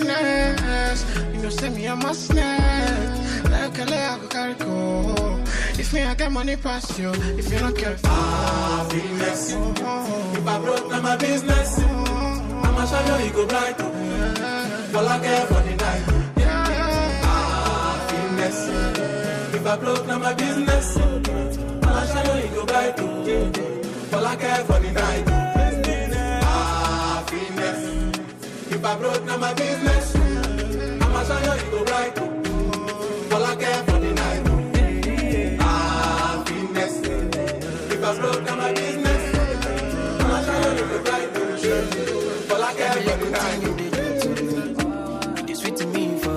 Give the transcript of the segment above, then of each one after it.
finesse. You know, send me a my snack. Like a leg, I carry go. If me, I get money past you. If you don't care, happiness. Oh, oh. If I broke, now my business. I'ma show you, you go bright. For like for the night. Happiness. If I broke, now my business. I'ma show you, you go bright. For like for the night. If I broke, now my business. I'm a shine, you go bright. All I care for the night. Ah, If I broke, my business. I'm a shine, you go bright. All I care for the night. It's sweet to me for oh.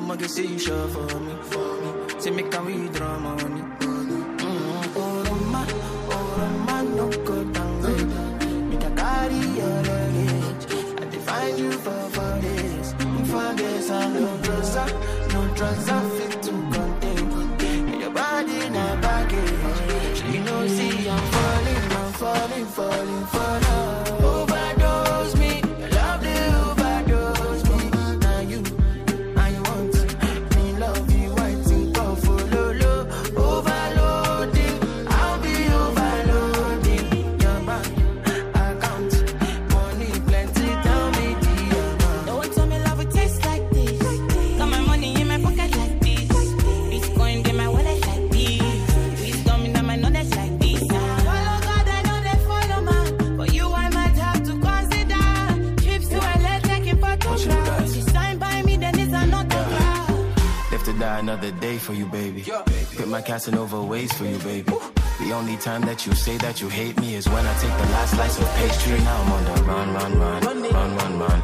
I'ma get see you for me. Say me can we drama. trust and fit to contain. Your body in a baggage. She knows see I'm falling, I'm falling, falling, falling. another day for you, baby. Put my Casanova ways for you, baby. The only time that you say that you hate me is when I take the last slice of pastry. Now I'm on the run, run, run, run, run, run.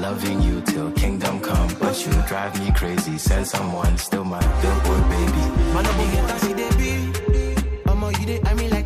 Loving you till kingdom come, but you drive me crazy. Send someone, still my billboard baby. Man, I'm you, I mean, like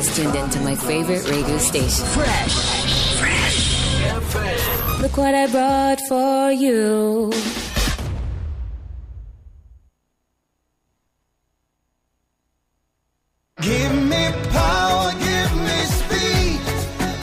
always tuned into my favorite radio station. Fresh. Fresh. Fresh. Look what I brought for you. Give me power, give me speed.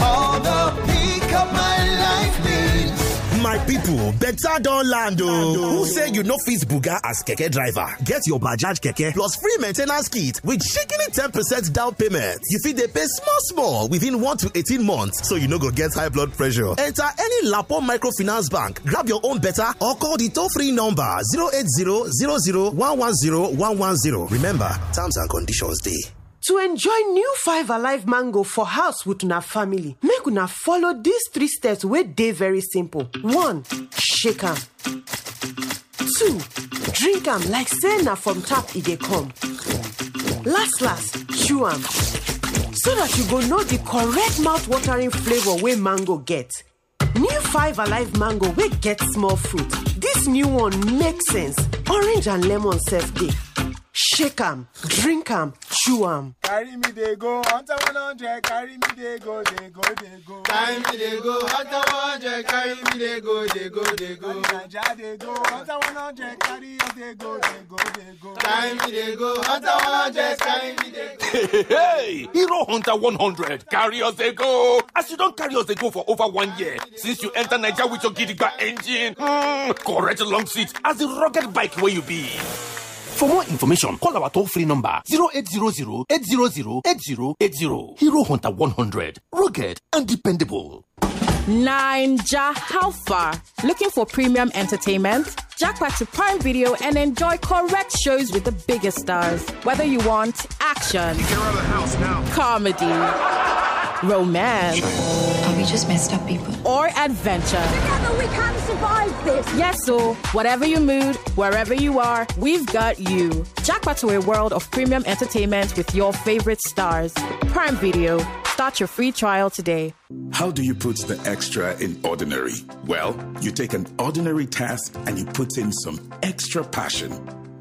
All the peak of my life needs. My people, better don land o. Oh. Who say you know fit buga as keke driver? Get your Bajaj keke plus free maintenance kit with shiki ten percent down payment. You fit they pay small small within one to eighteen months so you no go get high blood pressure. Enter any Lapo microfinance bank, grab your own better or call the toll free number 08000110110. Remember, terms and conditions day. to enjoy new five alive mango for house with una family make una follow these three steps wey dey very simple one shake am two drink am like say na from tap e they come last last chew am so that you go know the correct mouth-watering flavour wey mango get. New five alive mango wey get small fruit. This new one make sense. Orange and lemon sef dey shake am drink am chew am. carry me dey go hunter one hundred carry me dey go dey go dey go. carry me dey go hunter one hundred carry me dey go dey go dey go. naija dey go hunter one hundred carry us dey go dey go dey go. carry me dey go hunter one hundred carry me dey go. hey hero hunter 100. carry us dey go. as you don't carry us dey go for over one year since you enter Nigeria with your gidigba engine mm, correct long seat as the rugged bike where you be. For more information, call our toll-free number 0800 800 8080. Hero Hunter 100. Rugged and dependable. Ninja, how far? Looking for premium entertainment? Jack back to Prime Video and enjoy correct shows with the biggest stars. Whether you want action, you comedy, romance, have we just messed up people? Or adventure. Together we this. Yes, so whatever your mood, wherever you are, we've got you. Jackpot to a world of premium entertainment with your favorite stars. Prime Video. Start your free trial today. How do you put the extra in ordinary? Well, you take an ordinary task and you put in some extra passion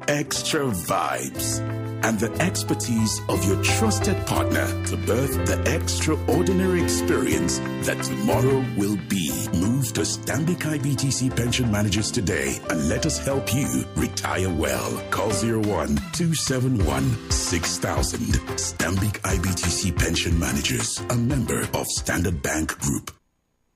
extra vibes and the expertise of your trusted partner to birth the extraordinary experience that tomorrow will be. Move to Stanbic IBTC Pension Managers today and let us help you retire well. Call 01 271 6000. Stanbic IBTC Pension Managers, a member of Standard Bank Group.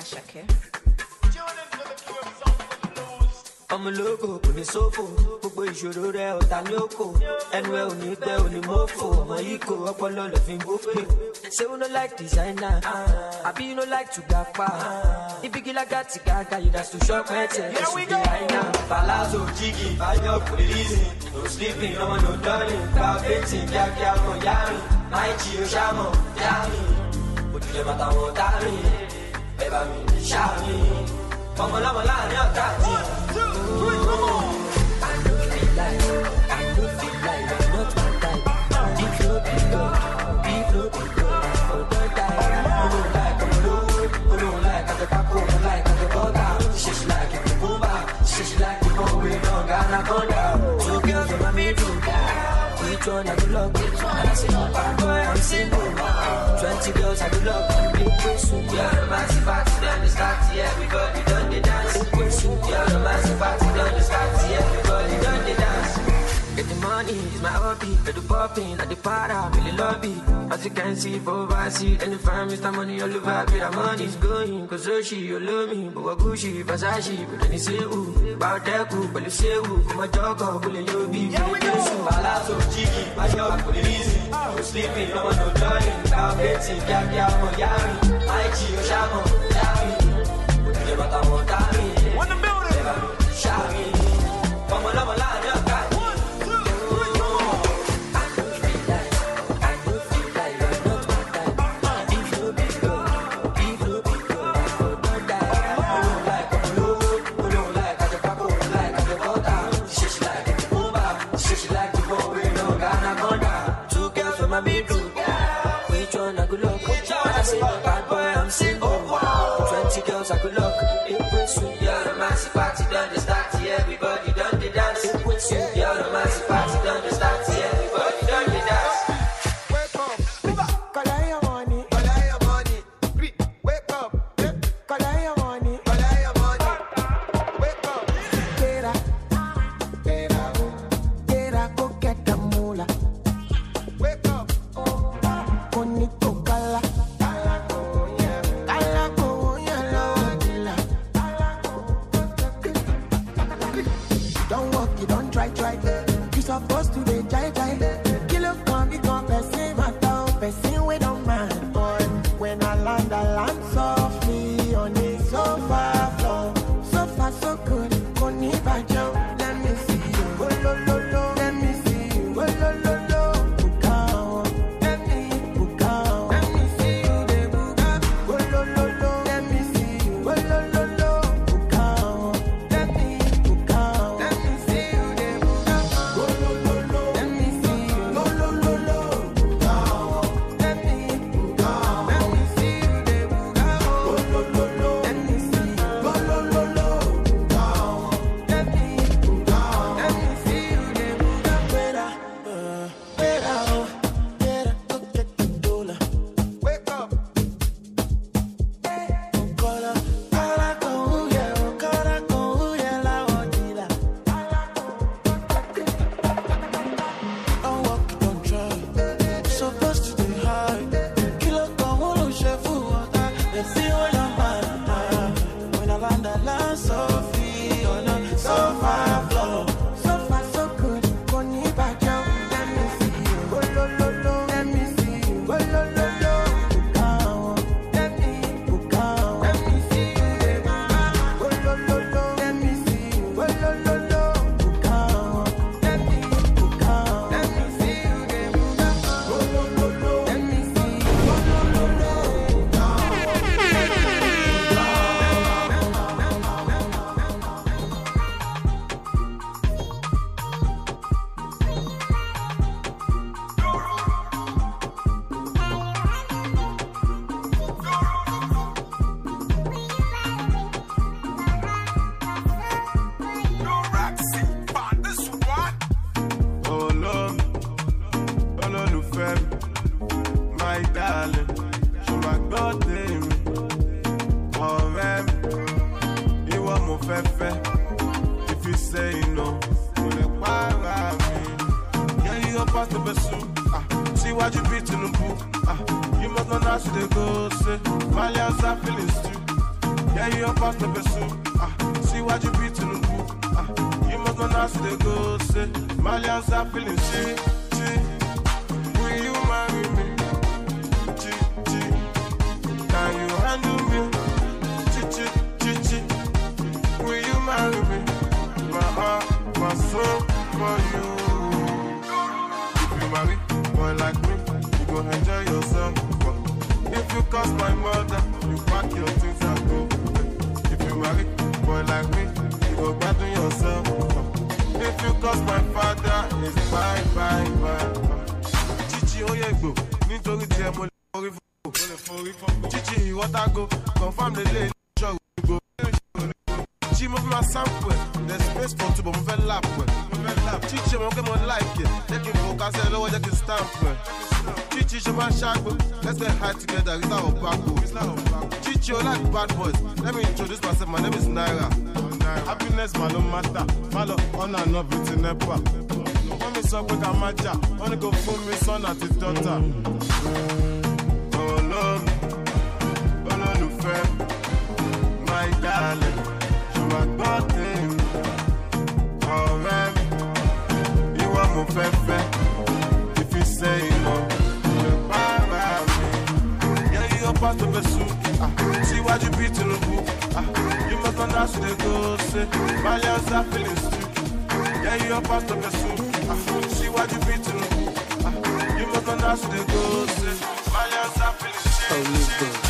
Ashake. ọmọlógo kò ní sófò gbogbo ìṣòro rẹ ọ̀tá ní òkò ẹnu ẹ ò ní pẹ́ ò ní mọ́fò ọmọ yìí kò ọpọlọ lè fi bó pè. ṣé o no like designer àbí you no like to gba pa ibigilagà ti gàgà ìdásù ṣọ́ọ̀pù ẹ̀tẹ̀ ẹ̀sùn bí àìná. palazzo jigi bayo polisi no sleeping ọmọ no dọ́lìn gba bẹ́tìn kíákíá kan yárìn máìkì oṣàmọ̀ yárìn òjò jẹ́ bàtà wọn dárìn. Baby, shout me. Come on, come on, come on, come on. one I do love. Bad boy, I'm single. Twenty girls I do love. Big pussy, yeah, the massive party, then the start. Yeah, we got we done the dance. Big pussy, yeah, the massive party, then the start money is my hobby. I do popping, I do para, really lobby. As you can see, for I see any I miss the money, all over, be the money's going. Cause so she, you love me, but what Gucci, Versace, but then you say, ooh, about but you say, ooh, my dog, I'll pull your beef. Yeah, we do. Palazzo, Chiki, my dog, pull it easy. I'm sleeping, no one, no journey. Now, yeah, yeah, I'm I on Yami. My oh, But Oshamo, Yami. Put the bottom on Tami. Bad boy, I'm single. for we for chichi I go confirm the lane. That's the ghost. My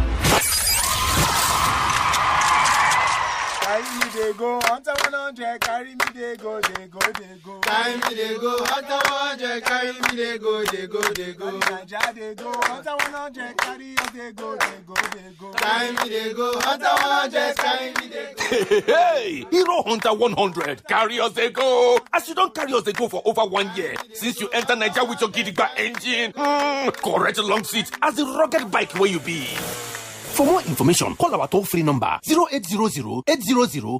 100. Carry us they go. As you don't carry us they go for over one year. Since you enter Niger with your Gidigba engine. Mm, correct long seat as the rugged bike where you be. For more information, call our toll free number 0800 800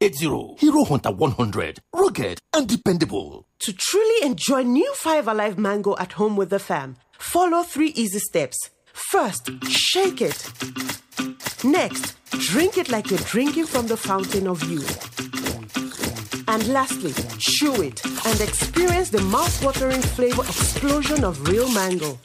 8080. Hero Hunter 100. Rugged and dependable. To truly enjoy new Five Alive mango at home with the fam, follow three easy steps. First, shake it. Next, drink it like you're drinking from the fountain of youth. And lastly, chew it and experience the mouth-watering flavor explosion of real mango.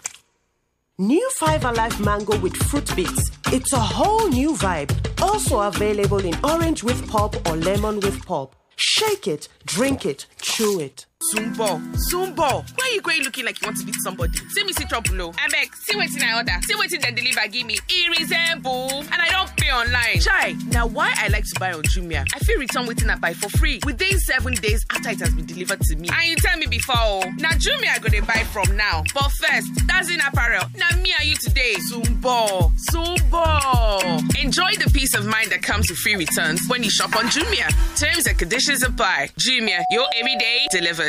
New 5 Alive Mango with Fruit Bits. It's a whole new vibe. Also available in orange with pulp or lemon with pulp. Shake it, drink it, chew it. Zumbo, Zumbo, why are you going looking like you want to beat somebody? See me see trouble, no. I beg, see in my order, see in the deliver, give me irresemble, and I don't pay online. Chai, now why I like to buy on Jumia? I feel return waiting I buy for free within seven days after it has been delivered to me. And you tell me before, oh, now Jumia I going to buy from now. But first, that's in apparel. Now me and you today, Zumbo, Zumbo. Enjoy the peace of mind that comes with free returns when you shop on Jumia. Terms and conditions apply. Jumia, your everyday delivered.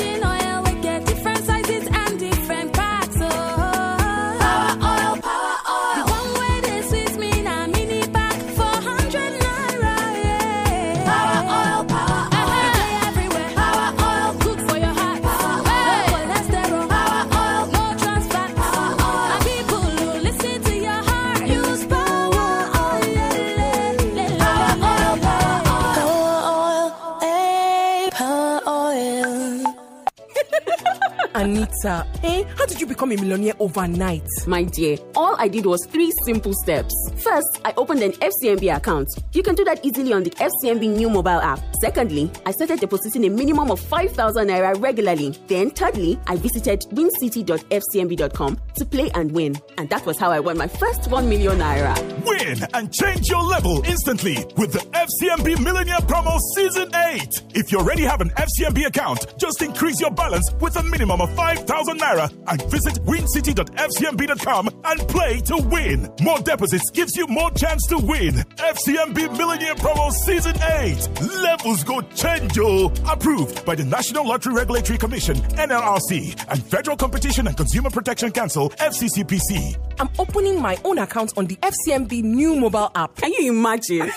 Anita, eh, How did you become a millionaire overnight? My dear, all I did was three simple steps. First, I opened an FCMB account. You can do that easily on the FCMB new mobile app. Secondly, I started depositing a minimum of 5,000 naira regularly. Then, thirdly, I visited wincity.fcmb.com to play and win. And that was how I won my first 1 million naira. Win and change your level instantly with the FCMB Millionaire Promo Season 8. If you already have an FCMB account, just increase your balance with a minimum of 5,000 naira and visit wincity.fcmb.com and play to win. More deposits gives you more chance to win. FCMB Millionaire Promo Season 8. Levels go change. Approved by the National Lottery Regulatory Commission, NLRC, and Federal Competition and Consumer Protection Council, FCCPC. I'm opening my own account on the FCMB new mobile app. Can you imagine?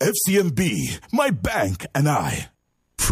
FCMB, my bank and I.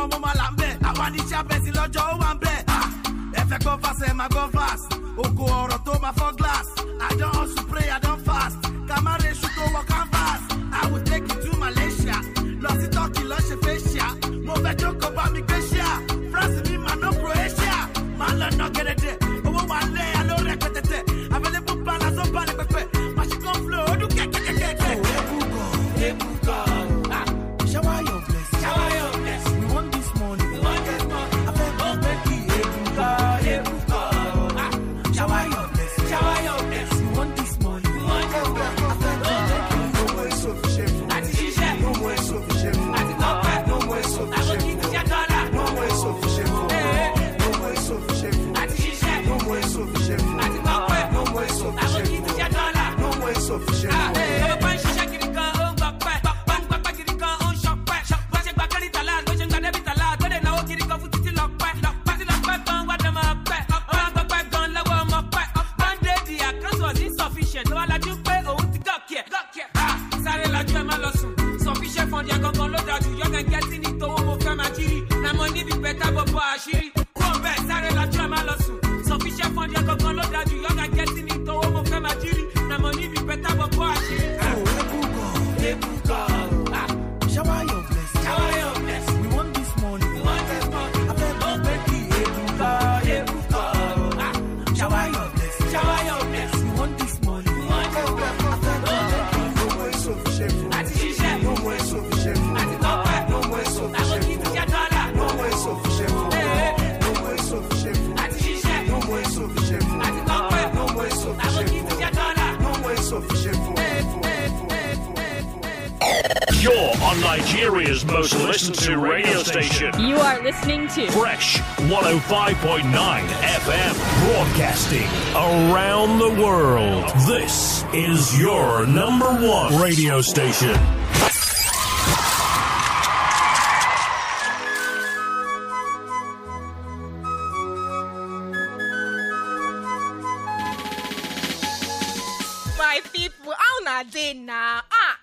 nǹkan mo máa là ń bẹ̀ àwa ní iṣẹ́ abẹ́sí lọ́jọ́ ó wà ń bẹ̀ ah, ẹ fẹ́ gbọ́ fásẹ̀ máa gbọ́ fásẹ̀ ògo ọ̀rọ̀ tó máa fọ́g radio station. You are listening to Fresh 105.9 FM broadcasting around the world. This is your number one radio station. My people, I'm not dead now.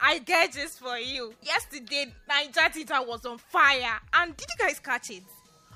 I get this for you. Yesterday, Niger Theater was on fire. And did you guys catch it?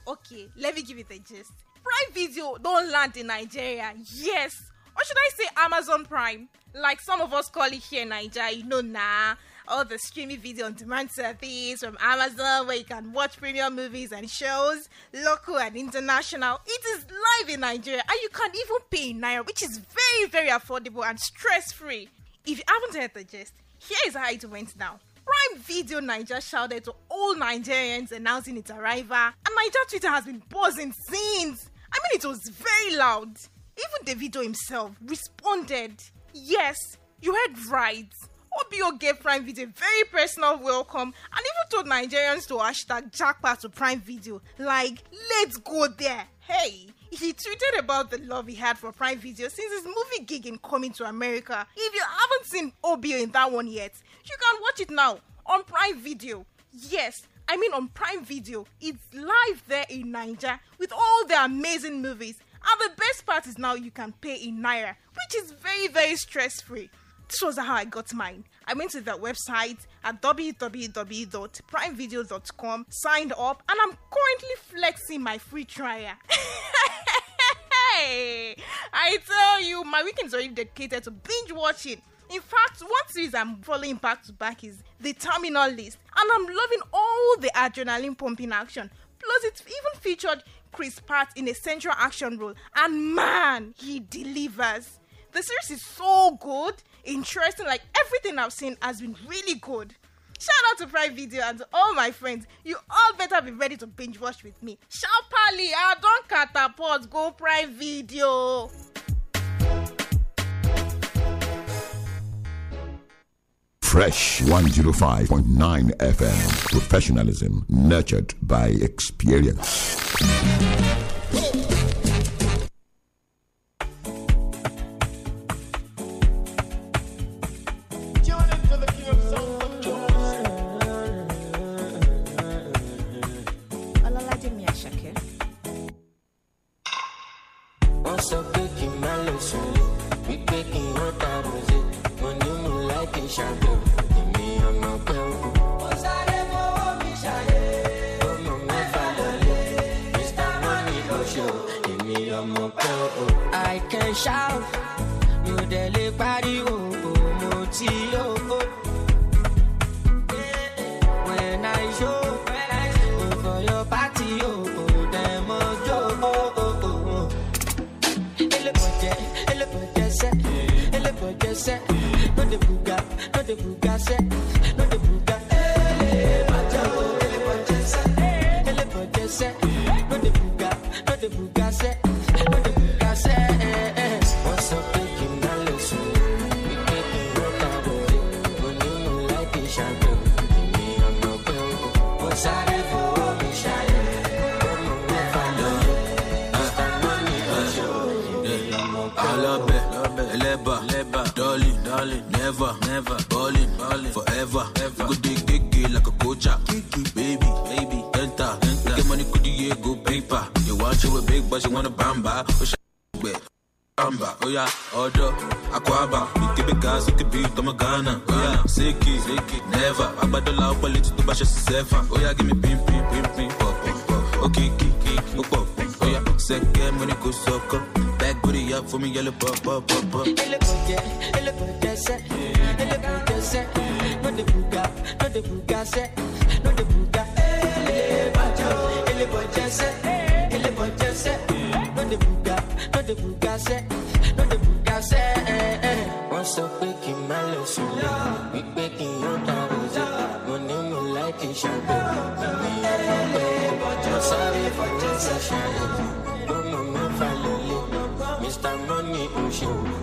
Okay, let me give you the gist. Prime Video don't land in Nigeria. Yes. Or should I say Amazon Prime? Like some of us call it here in Nigeria, you know, nah. All the streaming video on demand service from Amazon where you can watch premium movies and shows, local and international. It is live in Nigeria and you can even pay in Naira, which is very, very affordable and stress free. If you haven't heard the gist, here is how it went down. Prime Video Niger shouted to all Nigerians announcing its arrival, and Niger Twitter has been buzzing since. I mean, it was very loud. Even Davido himself responded. Yes, you heard right. Obio gave Prime Video a very personal welcome and even told Nigerians to hashtag jackpot to Prime Video. Like, let's go there. Hey, he tweeted about the love he had for Prime Video since his movie gig in Coming to America. If you haven't seen Obio in that one yet, you can watch it now on Prime Video. Yes, I mean on Prime Video. It's live there in Nigeria with all the amazing movies. And the best part is now you can pay in Naira, which is very, very stress free this was how I got mine. I went to the website at www.primevideo.com, signed up, and I'm currently flexing my free trial. hey, I tell you, my weekend is already dedicated to binge watching. In fact, one series I'm following back to back is The Terminal List, and I'm loving all the adrenaline pumping action. Plus, it even featured Chris Pratt in a central action role, and man, he delivers the series is so good, interesting. Like everything I've seen has been really good. Shout out to Prime Video and to all my friends. You all better be ready to binge watch with me. Sharply, I don't catapult. Go Prime Video. Fresh 105.9 FM. Professionalism nurtured by experience. Amba, oh yeah, Odo, Aquaba, Ikebeka, Sukibi, Tomagana, oh yeah, Seki, Seki, never, Abadola, Opalit, Tubasha, Sefa, oh yeah, give me pimp, pimp, pimp, pim, pop, pop, okay, kiki, pop, oh yeah, Seke, money, go, soko, back booty up for me, yellow, pop, pop, pop, pop. Ele pop, ele pop, se, ele pop, se, no de buga, no de buga, se, no de buga, eh, ele bote, ele bote, se, the bugase, no the bugase. Once I pick in my lesson, we pick in your towers. No name will like it, shall be. I'm sorry for this session. No, no, no, finally. Mr. Money, oh,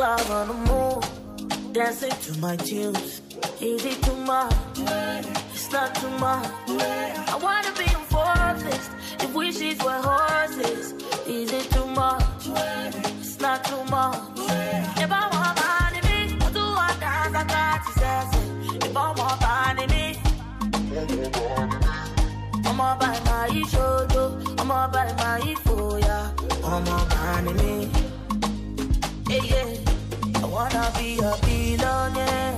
club on the moon, dancing to my tunes. Easy too much, it's not too much. I wanna be a forest if wishes were horses. Easy too much, it's not too much. If I want money, me, I do what dance I got to say. If I want money, me, I'm all by my shoulder, I'm all by my foya, I'm all by me. Yeah, yeah wanna be a billionaire,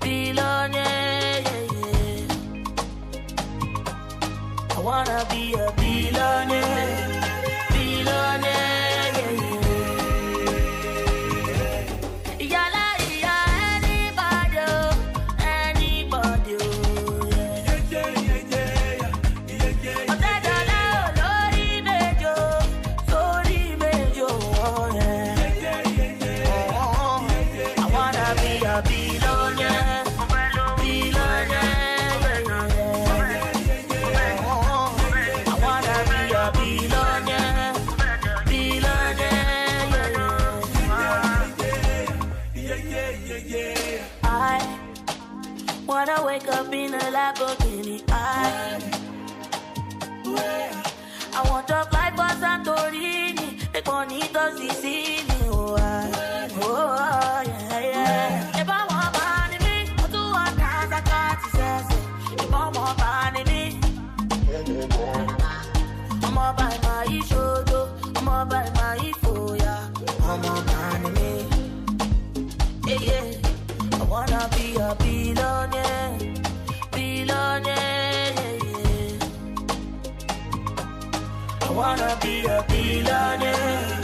billionaire. Yeah, yeah. I wanna be a billionaire, billionaire. a I I wanna be billionaire, billionaire. wanna be a billionaire.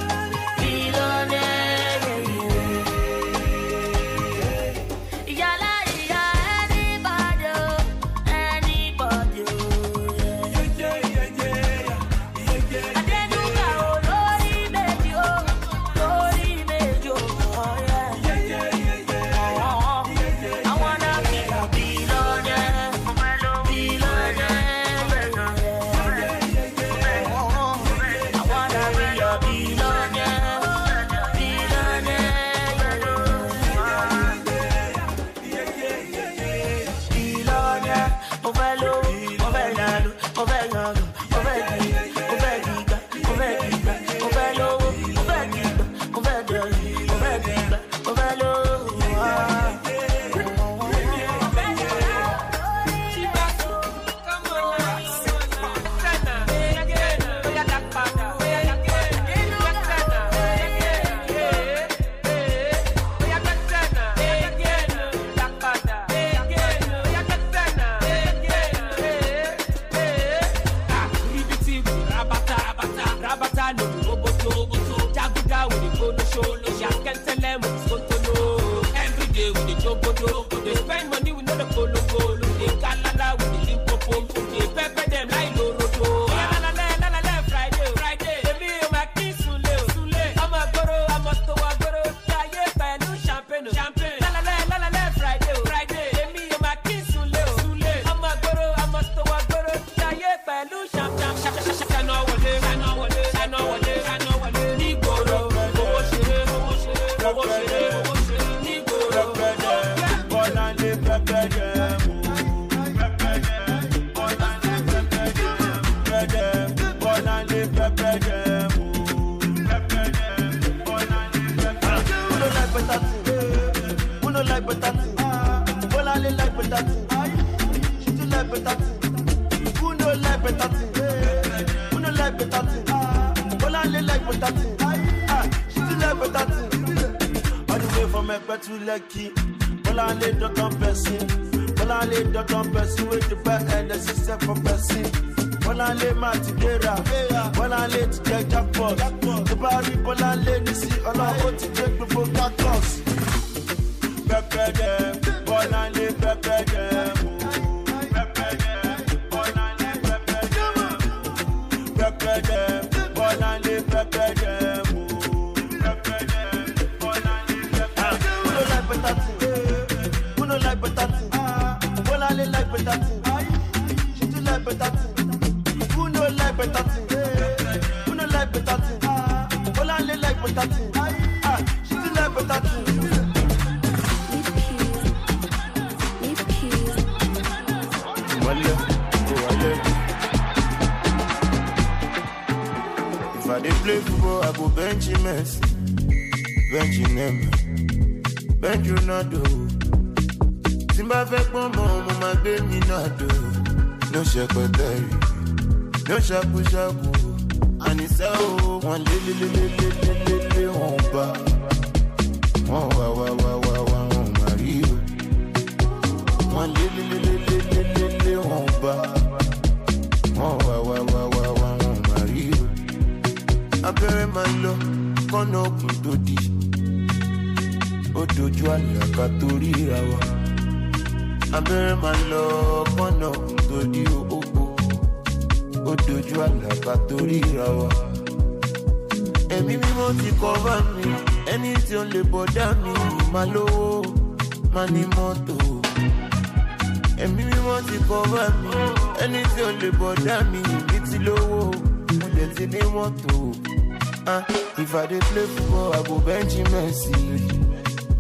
puxar o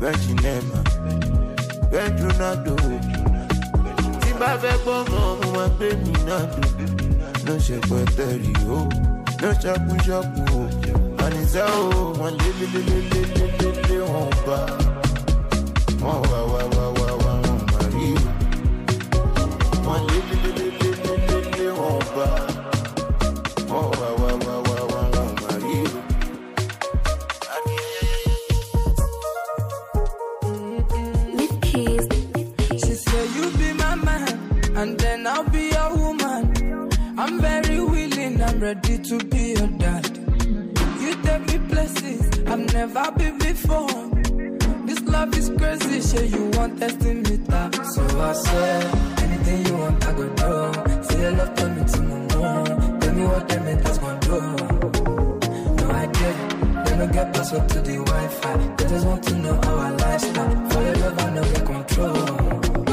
Virgin Emma, Bedroom náà dò. Tí bá fẹ́ gbọ́ngàn, mo máa gbé mi náà dò. Ló ṣe pẹ̀tẹ́rì o, ló ṣakúṣakú o. Àníṣá o, wọ́n lélelelelelele wọn bá. Wọ́n wá wá wá wá wá wọn mà rí o. Wọ́n lélelelelelele wọn bá. I'm very willing, I'm ready to be your dad. You take me places I've never been before. This love is crazy, sure you want testing me that. So I said, anything you want, I go do. Say your love, tell me to move on. Tell me what them haters gon' do. No idea, let me get password to the Wi-Fi. They just want to know our lifestyle. For your love, I know control.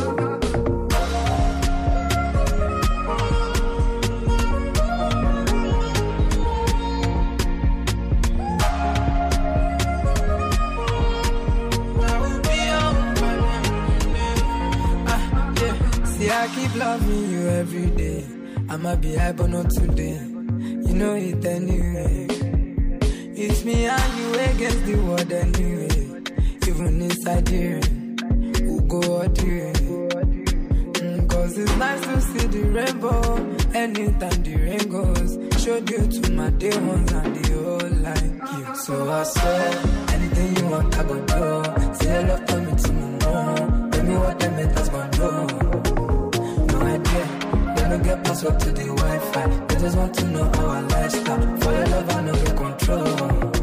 keep loving you every day. be high, but not today. You know it anyway. It's me and you against the world anyway. Even inside here, we go out here. Mm, Cause it's nice to see the rainbow. Anytime the rain goes, showed you to my demons ones and the old like you. So I swear, anything you want, I go do. Say hello to me tomorrow. Tell me what the matter's gonna do get password to the Wi-Fi. They just want to know our lifestyle. For your love, I know you control.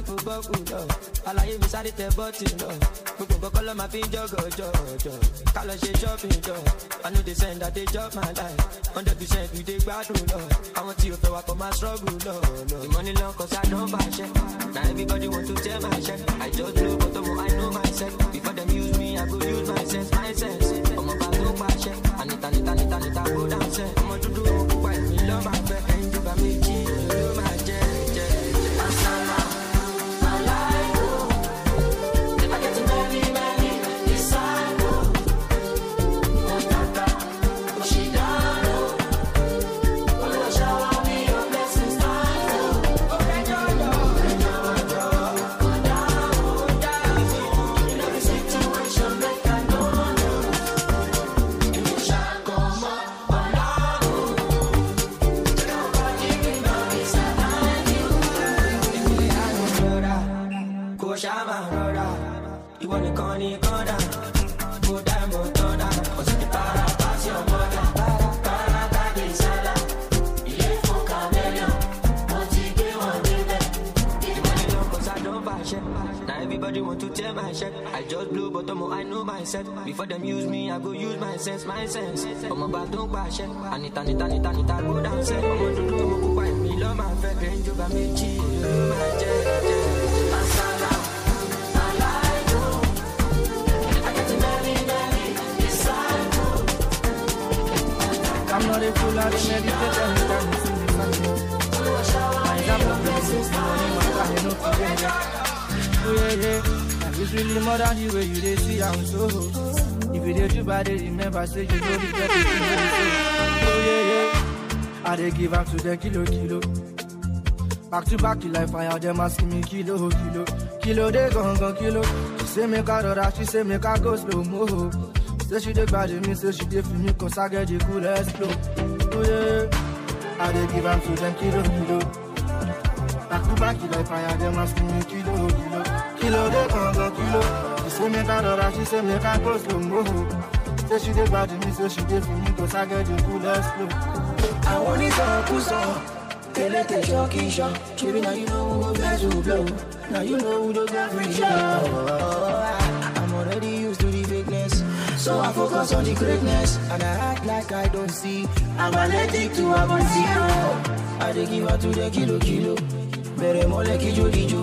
nípò bọ́ọ̀kù lọ àlàyé mi sáré tẹ bọ́ọ̀tì lọ gbogbo gbọ́kọ́ lọ́ọ́ máa fi ń jọ́gọ̀ jọ̀jọ̀ ká lọ ṣe shopping jọ i no dey send i dey job my life hundred percent we dey gbádùn lọ àwọn tí o fẹ́ wa kọ́ máa struggle lọ lọ ìmọ̀ni lọ kọ́ sá dán bá ṣẹ na everybody want to tell my ṣẹ i just know but omo i know myself before dem use me i go use my sense my sense ọmọ bá tó pàṣẹ àníta níta níta níta kó dáńsẹ ọmọ dúdú òkú pa ìmí lọ́ọ́ máa fẹ́. i am to to tear my shirt. I just blow bottom, I know myself. Before them use me, I go use my sense, my sense. my am don't bash it. I need, I need, I need, I need, I go down set. I'm to do my book, I me love my fat. Then you got me I my jet, jet. Masala. I'm not a fool, I'm a meditator, I'm a Mas a pobreza está em uma carreira no terreno. It's really more than the way you they see I'm so If you did you bad they remember say you know the better Oh yeah yeah I they give up to the kilo kilo Back to back till I fire them asking me kilo kilo Kilo they gone gone kilo She say make her daughter she say make her go slow mo Say she they bad me say she they feel me cause I get the coolest flow Oh yeah I they give up to them kilo kilo Back to back till I fire them asking me kilo kilo kilo dey gangan kilo. She say make I rọra, she say make I go slow mo. Say she dey gbadi mi, say she dey fun mi, go sage dey cool slow. Àwọn onísọ̀kúsọ tẹ́lẹ̀tẹ̀ sọ kí sọ. Ṣebí na you know who go bless blow. Na you know who go get free show. Oh, I'm already used to the fakeness. So I focus on the greatness and I act like I don't see. I'm allergic to abonzio. I dey give her to the kilo kilo. Bẹ̀rẹ̀ mọ́lẹ̀ kíjó díjó.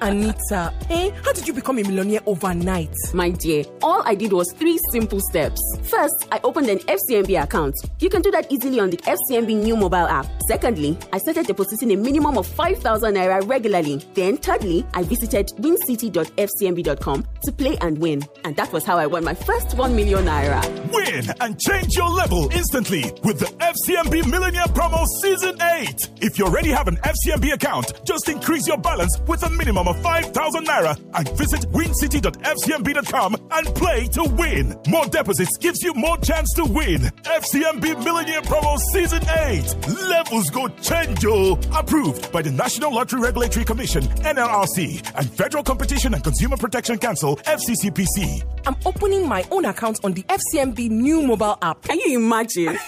Anita, eh? How did you become a millionaire overnight? My dear, all I did was three simple steps. First, I opened an FCMB account. You can do that easily on the FCMB new mobile app. Secondly, I started depositing a minimum of 5,000 naira regularly. Then, thirdly, I visited wincity.fcmb.com to play and win. And that was how I won my first 1 million naira. Win and change your level instantly with the FCMB Millionaire Promo Season 8. If you already have an FCMB account, just increase your balance with a minimum of 5,000 naira and visit wincity.fcmb.com and play to win. More deposits gives you more chance to win. FCMB Millionaire Promo Season 8. Levels go change. Approved by the National Lottery Regulatory Commission, NLRC, and Federal Competition and Consumer Protection Council FCCPC. I'm opening my own account on the FCMB new mobile app. Can you imagine?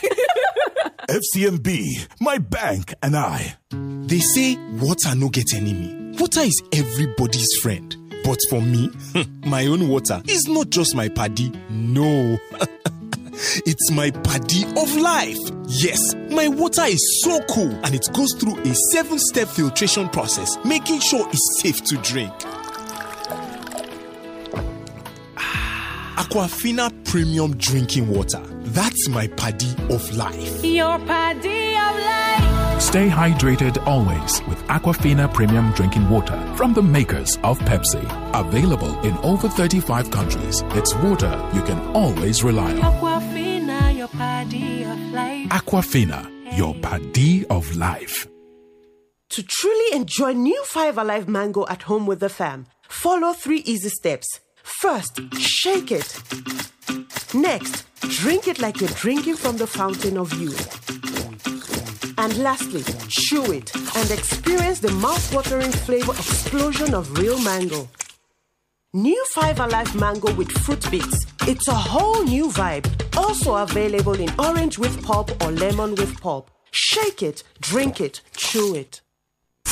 FCMB, my bank, and I. They say water no get enemy. Water is everybody's friend. But for me, my own water is not just my paddy. No. It's my paddy of life. Yes, my water is so cool and it goes through a seven step filtration process, making sure it's safe to drink. Aquafina Premium Drinking Water. That's my paddy of life. Your paddy of life. Stay hydrated always with Aquafina Premium Drinking Water from the makers of Pepsi. Available in over 35 countries, it's water you can always rely on. Aquafina, your paddy of life. Aquafina, your paddy of life. To truly enjoy new Five Alive mango at home with the fam, follow three easy steps. First, shake it. Next, drink it like you're drinking from the fountain of youth. And lastly, chew it and experience the mouth-watering flavor explosion of real mango. New 5 Alive Mango with Fruit Bits. It's a whole new vibe. Also available in orange with pulp or lemon with pulp. Shake it, drink it, chew it.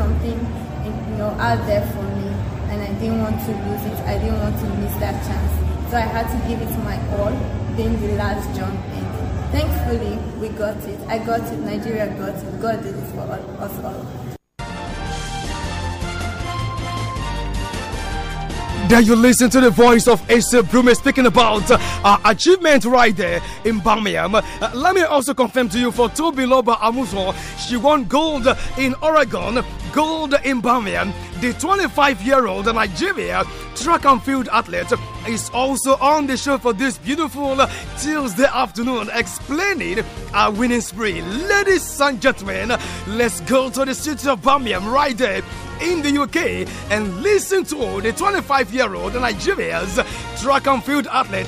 something you know out there for me and I didn't want to lose it. I didn't want to miss that chance. So I had to give it my all, then the last jump in. Thankfully, we got it. I got it, Nigeria got it. God did it for all, us all. There you listen to the voice of Ace Brume speaking about uh, achievement right there in Birmingham. Uh, let me also confirm to you for Tobiloba Amuzo, Amuso, she won gold in Oregon Gold Mbamian, the 25 year old Nigeria track and field athlete, is also on the show for this beautiful Tuesday afternoon explaining our winning spree. Ladies and gentlemen, let's go to the city of Birmingham right there in the UK and listen to the 25 year old Nigeria's track and field athlete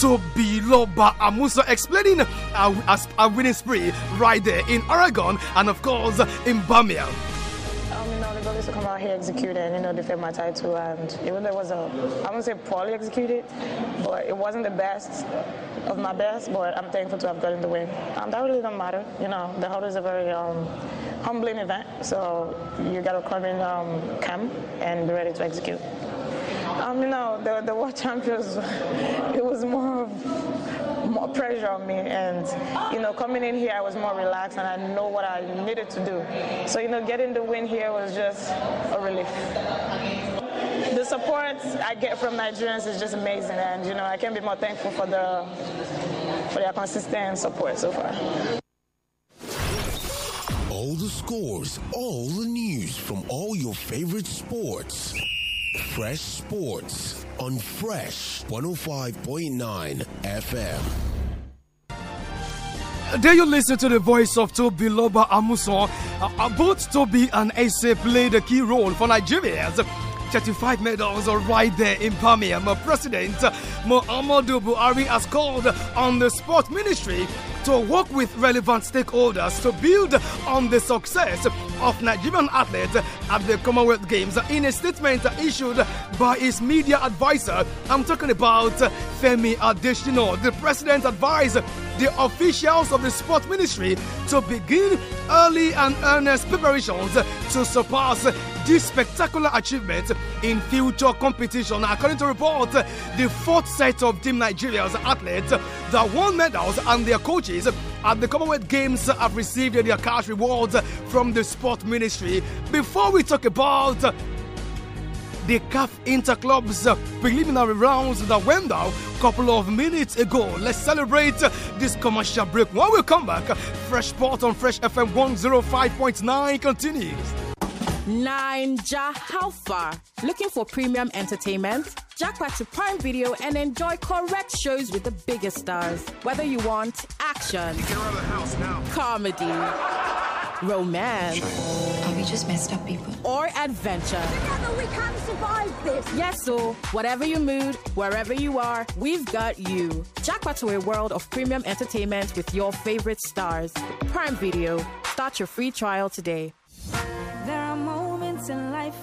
Loba Amusa explaining our, our winning spree right there in Oregon and, of course, in Birmingham job is to come out here, execute, and you know defend my title. And even though it was a, I won't say poorly executed, but it wasn't the best of my best. But I'm thankful to have gotten the win. Um, that really don't matter. You know, the huddle is a very um, humbling event, so you got to come in, um, and be ready to execute. I mean, no, the, the World Champions, it was more more pressure on me and you know coming in here I was more relaxed and I know what I needed to do so you know getting the win here was just a relief the support I get from Nigerians is just amazing and you know I can't be more thankful for the for their consistent support so far all the scores all the news from all your favorite sports Fresh Sports on Fresh 105.9 FM. There you listen to the voice of Toby Loba Amuso. Uh, uh both Toby and Ace played a key role for Nigeria's 35 medals are right there in Pamir. President Muhammadu Buhari has called on the sports ministry to work with relevant stakeholders to build on the success of Nigerian athletes at the Commonwealth Games in a statement issued by his media advisor. I'm talking about Femi Adesina, the president's advisor the officials of the sport ministry to begin early and earnest preparations to surpass this spectacular achievement in future competition. According to report, the fourth set of Team Nigeria's athletes that won medals and their coaches at the Commonwealth Games have received their cash rewards from the sport ministry. Before we talk about the CAF Interclubs preliminary rounds that went out a couple of minutes ago. Let's celebrate this commercial break. When we come back, Fresh sport on Fresh FM 105.9 continues. Ninja, how far? Looking for premium entertainment? Jackpot to Prime Video and enjoy correct shows with the biggest stars. Whether you want action, comedy, romance, have you just messed up people? Or adventure. Together we can survive this. Yes, so whatever your mood, wherever you are, we've got you. Jackpot to a world of premium entertainment with your favorite stars. Prime Video. Start your free trial today lost in life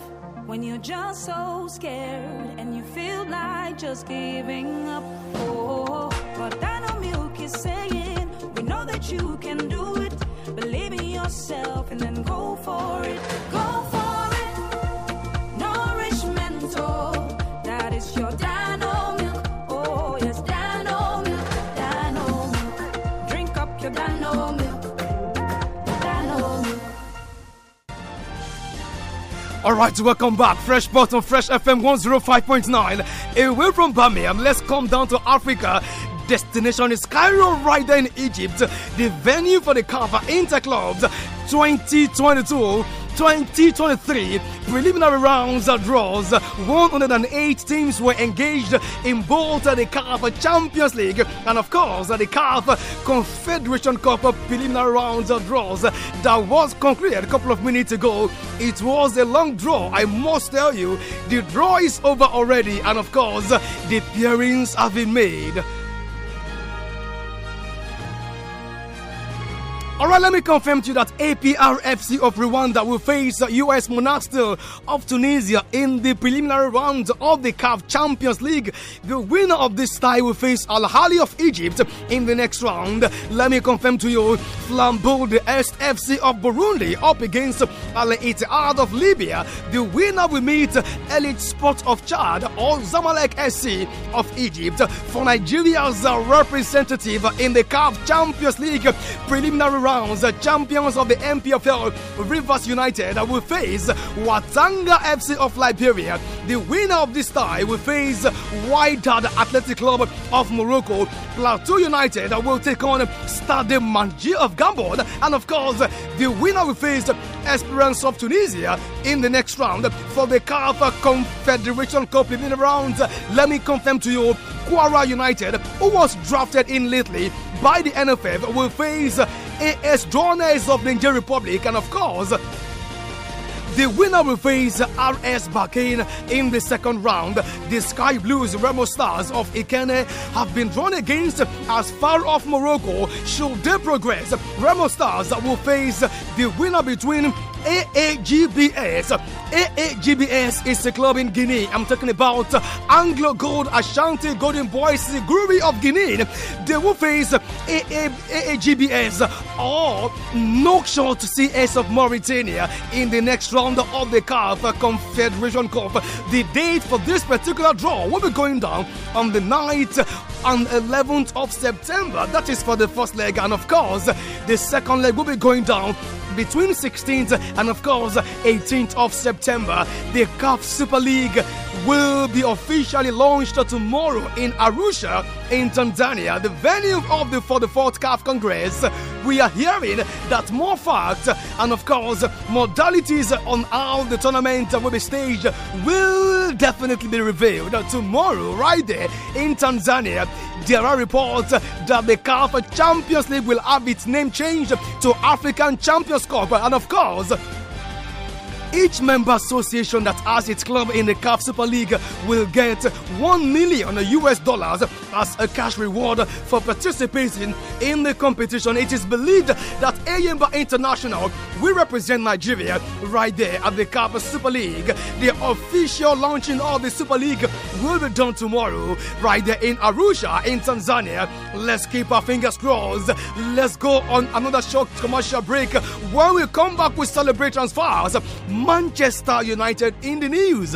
when you're just so scared and you feel like just giving up. Oh, but Dino Milk is saying, We know that you can do it. Believe in yourself and then go for it. Go for Alright, welcome back. Fresh Bottom, Fresh FM 105.9. Away from Birmingham, let's come down to Africa destination is Cairo Rider in Egypt, the venue for the Carver Interclubs 2022 2023 preliminary rounds are draws. 108 teams were engaged in both the CAF Champions League and, of course, the CAF Confederation Cup preliminary rounds are draws that was concluded a couple of minutes ago. It was a long draw, I must tell you. The draw is over already, and, of course, the pairings have been made. Alright, let me confirm to you that APRFC of Rwanda will face the US Monastir of Tunisia in the preliminary round of the CAF Champions League. The winner of this tie will face Al Hali of Egypt in the next round. Let me confirm to you Flambeau the SFC of Burundi up against Al Ittihad of Libya. The winner will meet Elite Sport of Chad or Zamalek SC of Egypt for Nigeria's representative in the CAF Champions League preliminary round the champions of the MPFL Rivers United will face Watanga FC of Liberia. The winner of this tie will face Wydad Athletic Club of Morocco. Plateau United will take on Stade Manji of Gabon. And of course, the winner will face Esperance of Tunisia in the next round for the CAF Confederation Cup in the round. Let me confirm to you, Quara United, who was drafted in lately by the NFF, will face AS Drawners of Nigeria Republic and of course the winner will face RS Bakin in the second round. The Sky Blues Remo Stars of Ikene have been drawn against as far off Morocco. Should they progress, Remo Stars will face the winner between AAGBS. AAGBS is a club in Guinea. I'm talking about Anglo Gold Ashanti Golden Boys, the groovy of Guinea. They will face AAGBS or Nokshot CS of Mauritania in the next round of the CAF Confederation Cup. The date for this particular draw will be going down on the night on 11th of September. That is for the first leg, and of course, the second leg will be going down between 16th and, of course, 18th of September. The CAF Super League will be officially launched tomorrow in Arusha, in Tanzania, the venue of the 44th CAF Congress. We are hearing that more facts and, of course, modalities on how the tournament will be staged will definitely be revealed tomorrow, right there in Tanzania. There are reports that the CAF Champions League will have its name changed to African Champions Cup, and, of course, each member association that has its club in the CAF Super League will get 1 million US dollars as a cash reward for participating in the competition. It is believed that Ayimba International we represent Nigeria right there at the CAF Super League. The official launching of the Super League will be done tomorrow right there in Arusha in Tanzania. Let's keep our fingers crossed. Let's go on another short commercial break. When we come back, we celebrate transfers. Manchester United in the news.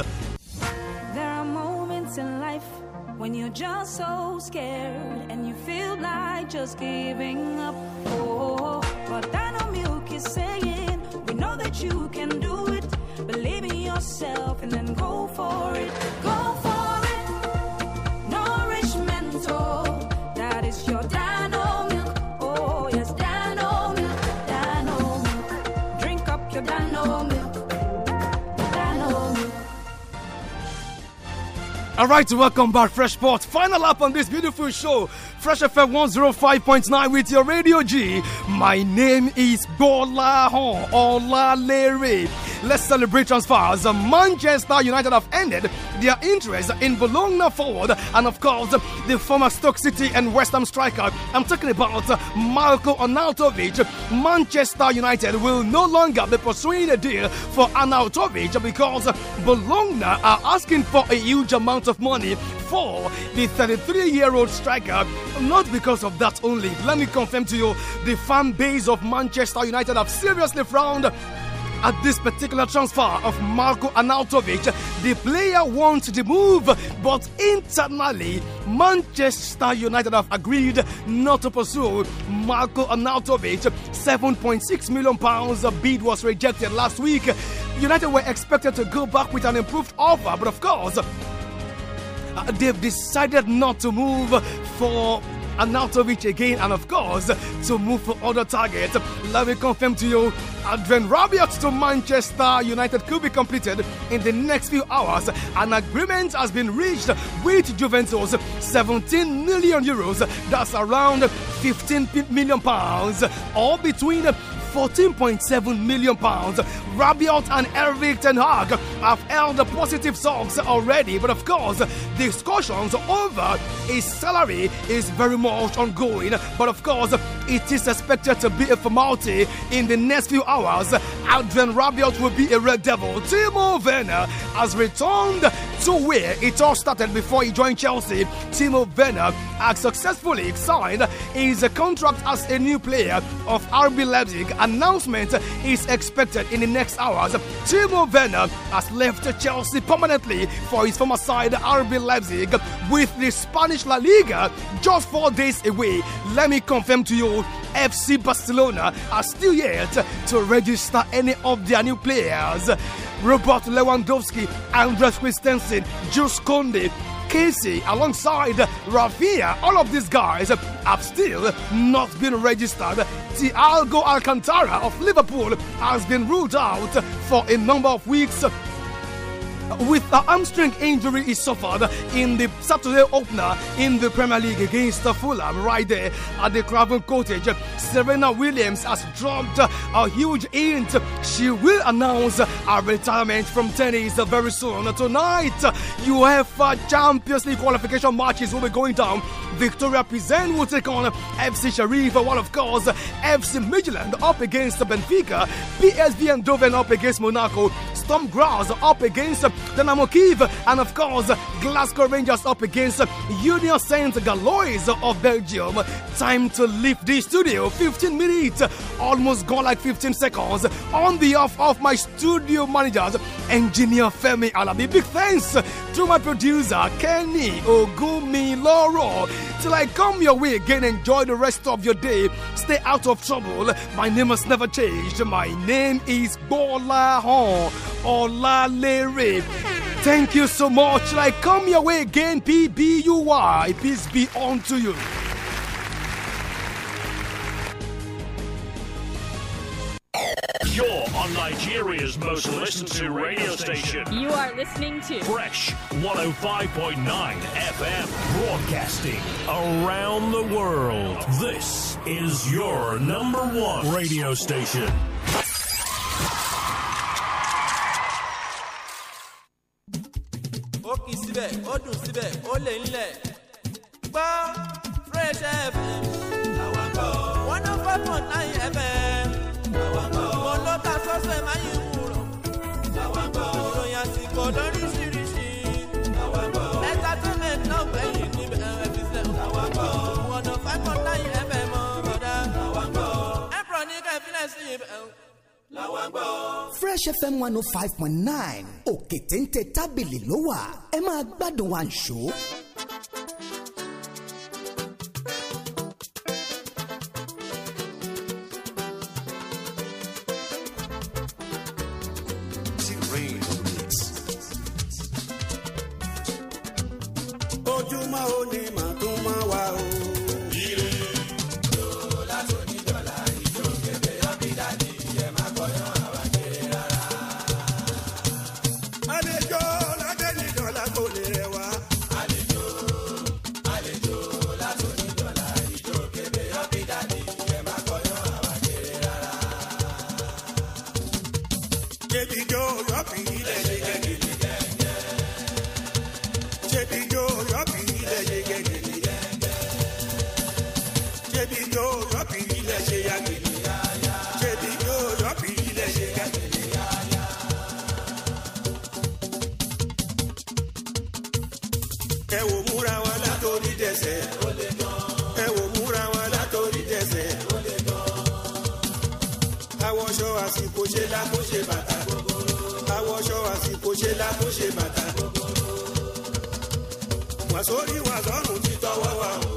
when you're just so scared and you feel like just giving up. Oh, but that can do it. Believe in yourself and then go for it. Go for it. Nourish mental. That is your dino milk. Oh, yes, dino milk. Dino milk. Drink up your dino milk. Dino milk. All right, welcome back, Freshport. Final up on this beautiful show. Fresh FM 105.9 with your Radio G. My name is Bola Hon Olalere. Let's celebrate transfers. Manchester United have ended their interest in Bologna forward and of course the former Stoke City and West Ham striker. I'm talking about Marco Arnautovic. Manchester United will no longer be pursuing a deal for Arnautovic because Bologna are asking for a huge amount of money for the 33 year old striker not because of that only. Let me confirm to you the fan base of Manchester United have seriously frowned at this particular transfer of Marco Anatovic. The player wants the move, but internally, Manchester United have agreed not to pursue Marco Anatovic. 7.6 million pounds bid was rejected last week. United were expected to go back with an improved offer, but of course, uh, they've decided not to move for Anatovic again, and of course, to move for other targets. Let me confirm to you, Advent Rabiot to Manchester United could be completed in the next few hours. An agreement has been reached with Juventus, 17 million euros, that's around 15 million pounds, all between 14.7 million pounds. Rabiot and Eric Ten Hag have held positive talks already, but of course, discussions over his salary is very much ongoing. But of course, it is expected to be a formality in the next few hours. Adrian Rabiot will be a red devil. Timo Werner has returned to where it all started before he joined Chelsea. Timo Werner has successfully signed his contract as a new player of RB Leipzig announcement is expected in the next hours. Timo Werner has left Chelsea permanently for his former side RB Leipzig with the Spanish La Liga just four days away. Let me confirm to you FC Barcelona are still yet to register any of their new players. Robert Lewandowski, Andres Christensen, Jules Conde, Casey alongside Rafia, all of these guys have still not been registered. Thiago Alcantara of Liverpool has been ruled out for a number of weeks with an hamstring injury he suffered in the Saturday opener in the Premier League against Fulham right there at the Craven Cottage. Serena Williams has dropped a huge hint. She will announce her retirement from tennis very soon. Tonight, UEFA Champions League qualification matches will be going down. Victoria Pizen will take on FC Sharif, while of course FC Midland up against Benfica, PSV Eindhoven up against Monaco, Storm Graz up against Dynamo Kiev, and of course, Glasgow Rangers up against Union Saint Galois of Belgium. Time to leave the studio. 15 minutes, almost gone like 15 seconds. On the off of my studio managers, engineer Femi Alabi. Big thanks to my producer Kenny Ogumiloro. Till I come your way again, enjoy the rest of your day. Stay out of trouble. My name has never changed. My name is Bola Hon Olalere. Thank you so much. Like, come your way again, PBUY. Peace be unto you. You're on Nigeria's most listened to radio station. You are listening to Fresh 105.9 FM, broadcasting around the world. This is your number one radio station. ó kì í síbẹ̀ ó dùn síbẹ̀ ó lè ńlẹ̀. gbọ́ fresh fm àwọn kọ́ one oh five point nine fm àwọn kọ́ mo ló ta sọ́sẹ̀ máa yí wúrọ̀ àwọn kọ́ ìròyìn àsìkò lóríṣiríṣi àwọn kọ́ ẹ̀ta tó mẹ́ náà gbẹ̀yìn níbẹ̀ ẹ̀ fi sẹ́ àwọn kọ́ one oh five point nine fm ọ̀dà àwọn kọ́ ẹ̀pọ̀ ní kẹ́fílẹ̀ sí ibẹ̀ làwọn gbọ́. fresh fm one oh five point nine òkè téńté tábìlì ló wà ẹ máa gbádùn wa ǹṣó. ojúmọ́ òní mú ṣe bàtà gbogbo. wàsórí wàsọ́rùn ti tọwọ́ wa o.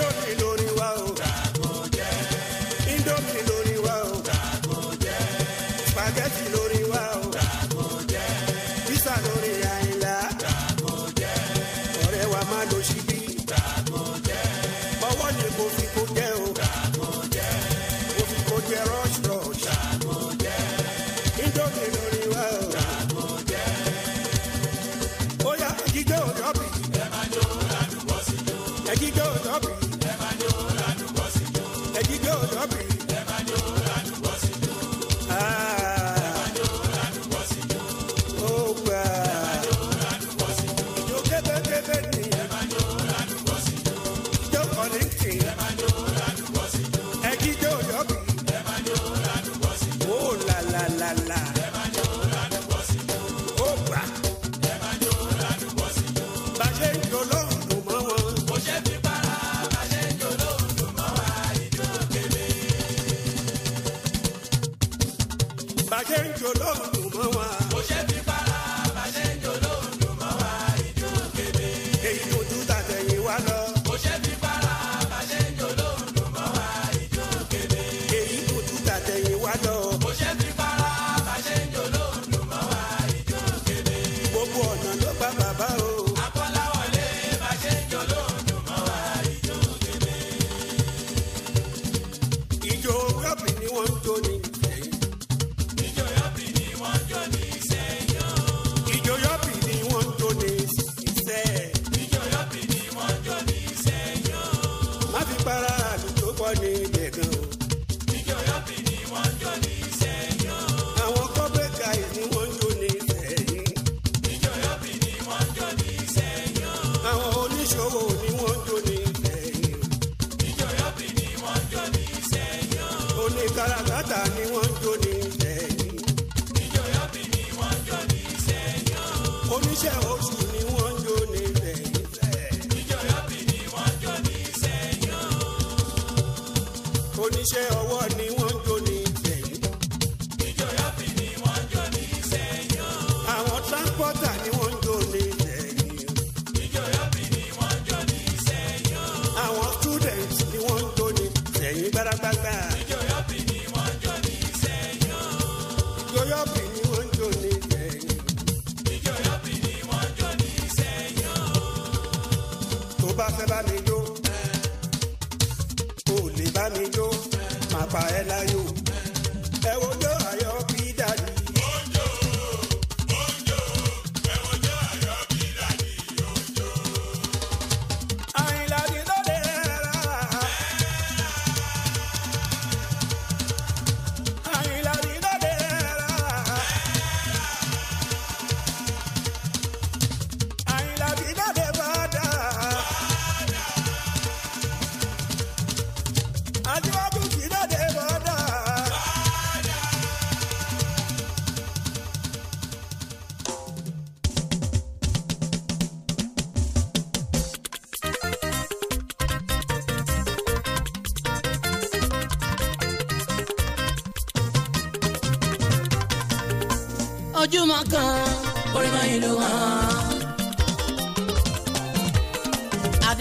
done.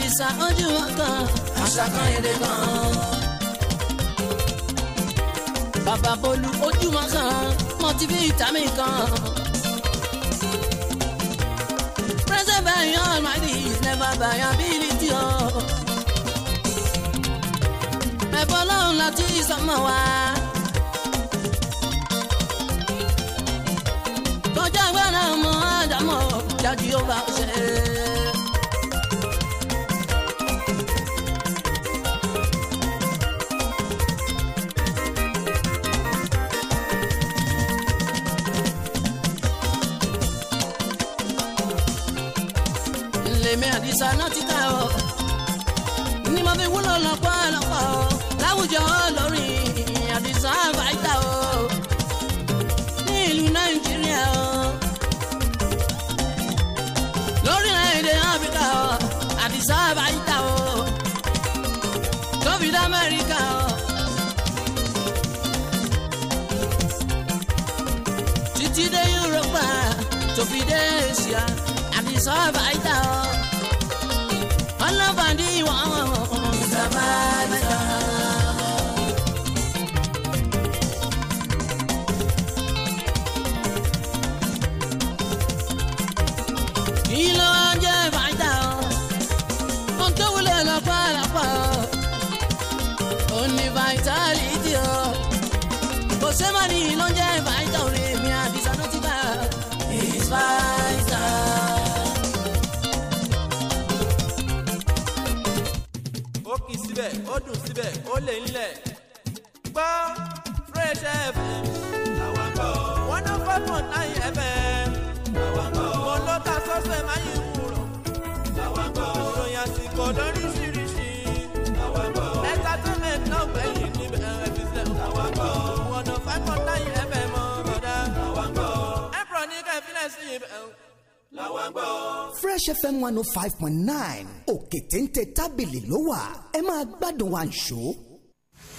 àdìsá ojú ọkàn àṣà kan èdè kan. bàbá bolu ojúmọ́ kan mọtifítàmì kan. present by your almighty is never by ability ẹ̀fọ́ lọ́run láti sọmọ wa. kọjá agbára mọ́ àdámọ̀ jáde ó bá ṣe é. ó ńlẹ̀ gbọ́ fresh fm làwọn gbọ́ one oh five point nine fm làwọn gbọ́ mo ló ta sọ́sẹ̀ máa yí wúrọ̀ làwọn gbọ́ ìròyìn àsìkò lóríṣiríṣi làwọn gbọ́ ẹ̀ka tó mẹ́ẹ̀ náà gbẹ̀yìn níbẹ̀ ẹ̀fí sẹ́ làwọn gbọ́ one oh five point nine fm ọ̀rọ̀dá làwọn gbọ́ ẹ̀pọ̀ ní ká ìfilẹ̀ sí ibẹ̀ fresh fm one oh five point nine òkè téńté tábìlì ló wà ẹ máa gbádùn wa ń ṣó.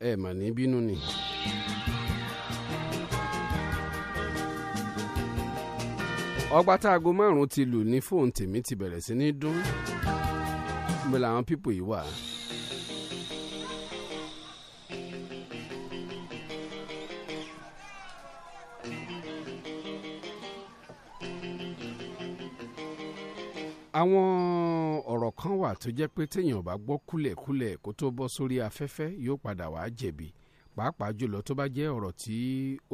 ẹ mà ní bínú ni. ọgbà tá aago márùn-ún ti lù ní fóònù tèmi ti bẹ̀rẹ̀ sí ní dún mo làwọn pípò yìí wà. àwọn ọ̀rọ̀ kan wà tó jẹ́ pé téèyàn bá gbọ́ kúlẹ̀kúlẹ̀ kó tó bọ́ sórí afẹ́fẹ́ yóò padà wàá jẹ̀bi pàápàá jùlọ tó bá jẹ́ ọ̀rọ̀ tí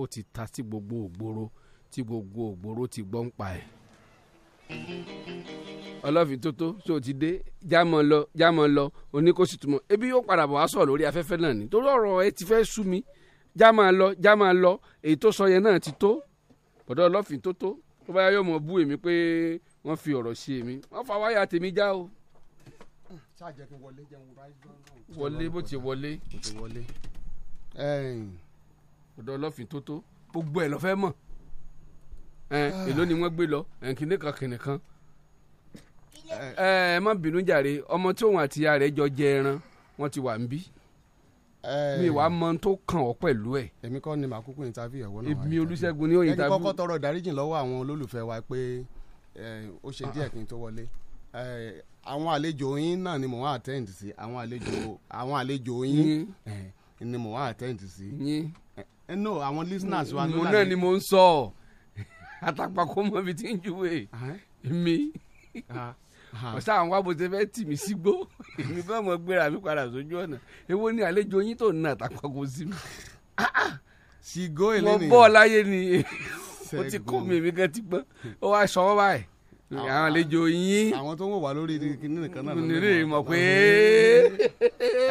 ó ti ta sí gbogbo ògbóró tí gbogbo ògbóró ti gbọ́ ń pa ẹ̀. ọlọ́fin tó tó tó ti dé jámọ́ lọ jámọ́ lọ oníkóṣì túmọ̀ ebi yóò padà bọ̀ wá sọ̀rọ̀ lórí afẹ́fẹ́ náà ni torí ọ̀rọ̀ ẹ ti fẹ́ sú mi jámọ́ lọ jámọ́ lọ èyí tó sọ yẹn náà ti tó bọ̀dọ̀ ọlọ́fin tó tó tó bá yọ mọ̀ bú èmi pé wọ́n fi ọ̀rọ̀ sí èmi wọ́n fa wáyà tèmi já o. wọlé bó ti wọlé ọ̀dọ̀ ọlọ́fin tó tó gbogbo ẹ̀ lọ fẹ́ mọ̀ ah. èló ni wọ́n gbé lọ kìnìún kan kìnìún kan ẹ ẹ má bínú jàre ọmọ tí òun àti ìyá rẹ̀ jọ jẹ ẹran wọ́n ti wà ń bí mi wàá mọ tó kàn ọ́ pẹ̀lú ẹ̀. èmi kọ́ ni màá kúkú interview ẹ̀wọ́ náà. èmi Olúṣẹ́gun ni ó interview. ẹni kọ́kọ́ tọrọ ìdáríjì lọ́wọ́ àwọn olólùfẹ́ wa pé. Eh, ó ṣe díẹ̀ kí n tó wọlé eh, àwọn àlejò yín náà ni mò ń attend sí àwọn àlejò àwọn àlejò yín eh, ni mò ń attend sí. no àwọn listeners wa. mo náà ni mo ń sọ àtàpàkò mọ ibi tí ń júwe mi ọ̀sán àwọn wa bó ṣe fẹ́ tì mí sígbó èmi fẹ́ mọ gbéra mi padà sójú ọ̀nà èwo ni àlejò yín tó ń nà àtàpàkò sí mi. Ah, ah. ṣìgó eléyìí. mo bọ́ ọ láyé ni ó ti kó mi èmi gan ti gbọ́n ó wá sọ́wọ́ báyìí àwọn àlejò yín àwọn tó ń wò wá lórí kìnìún nìkan náà nírè mọ̀ pé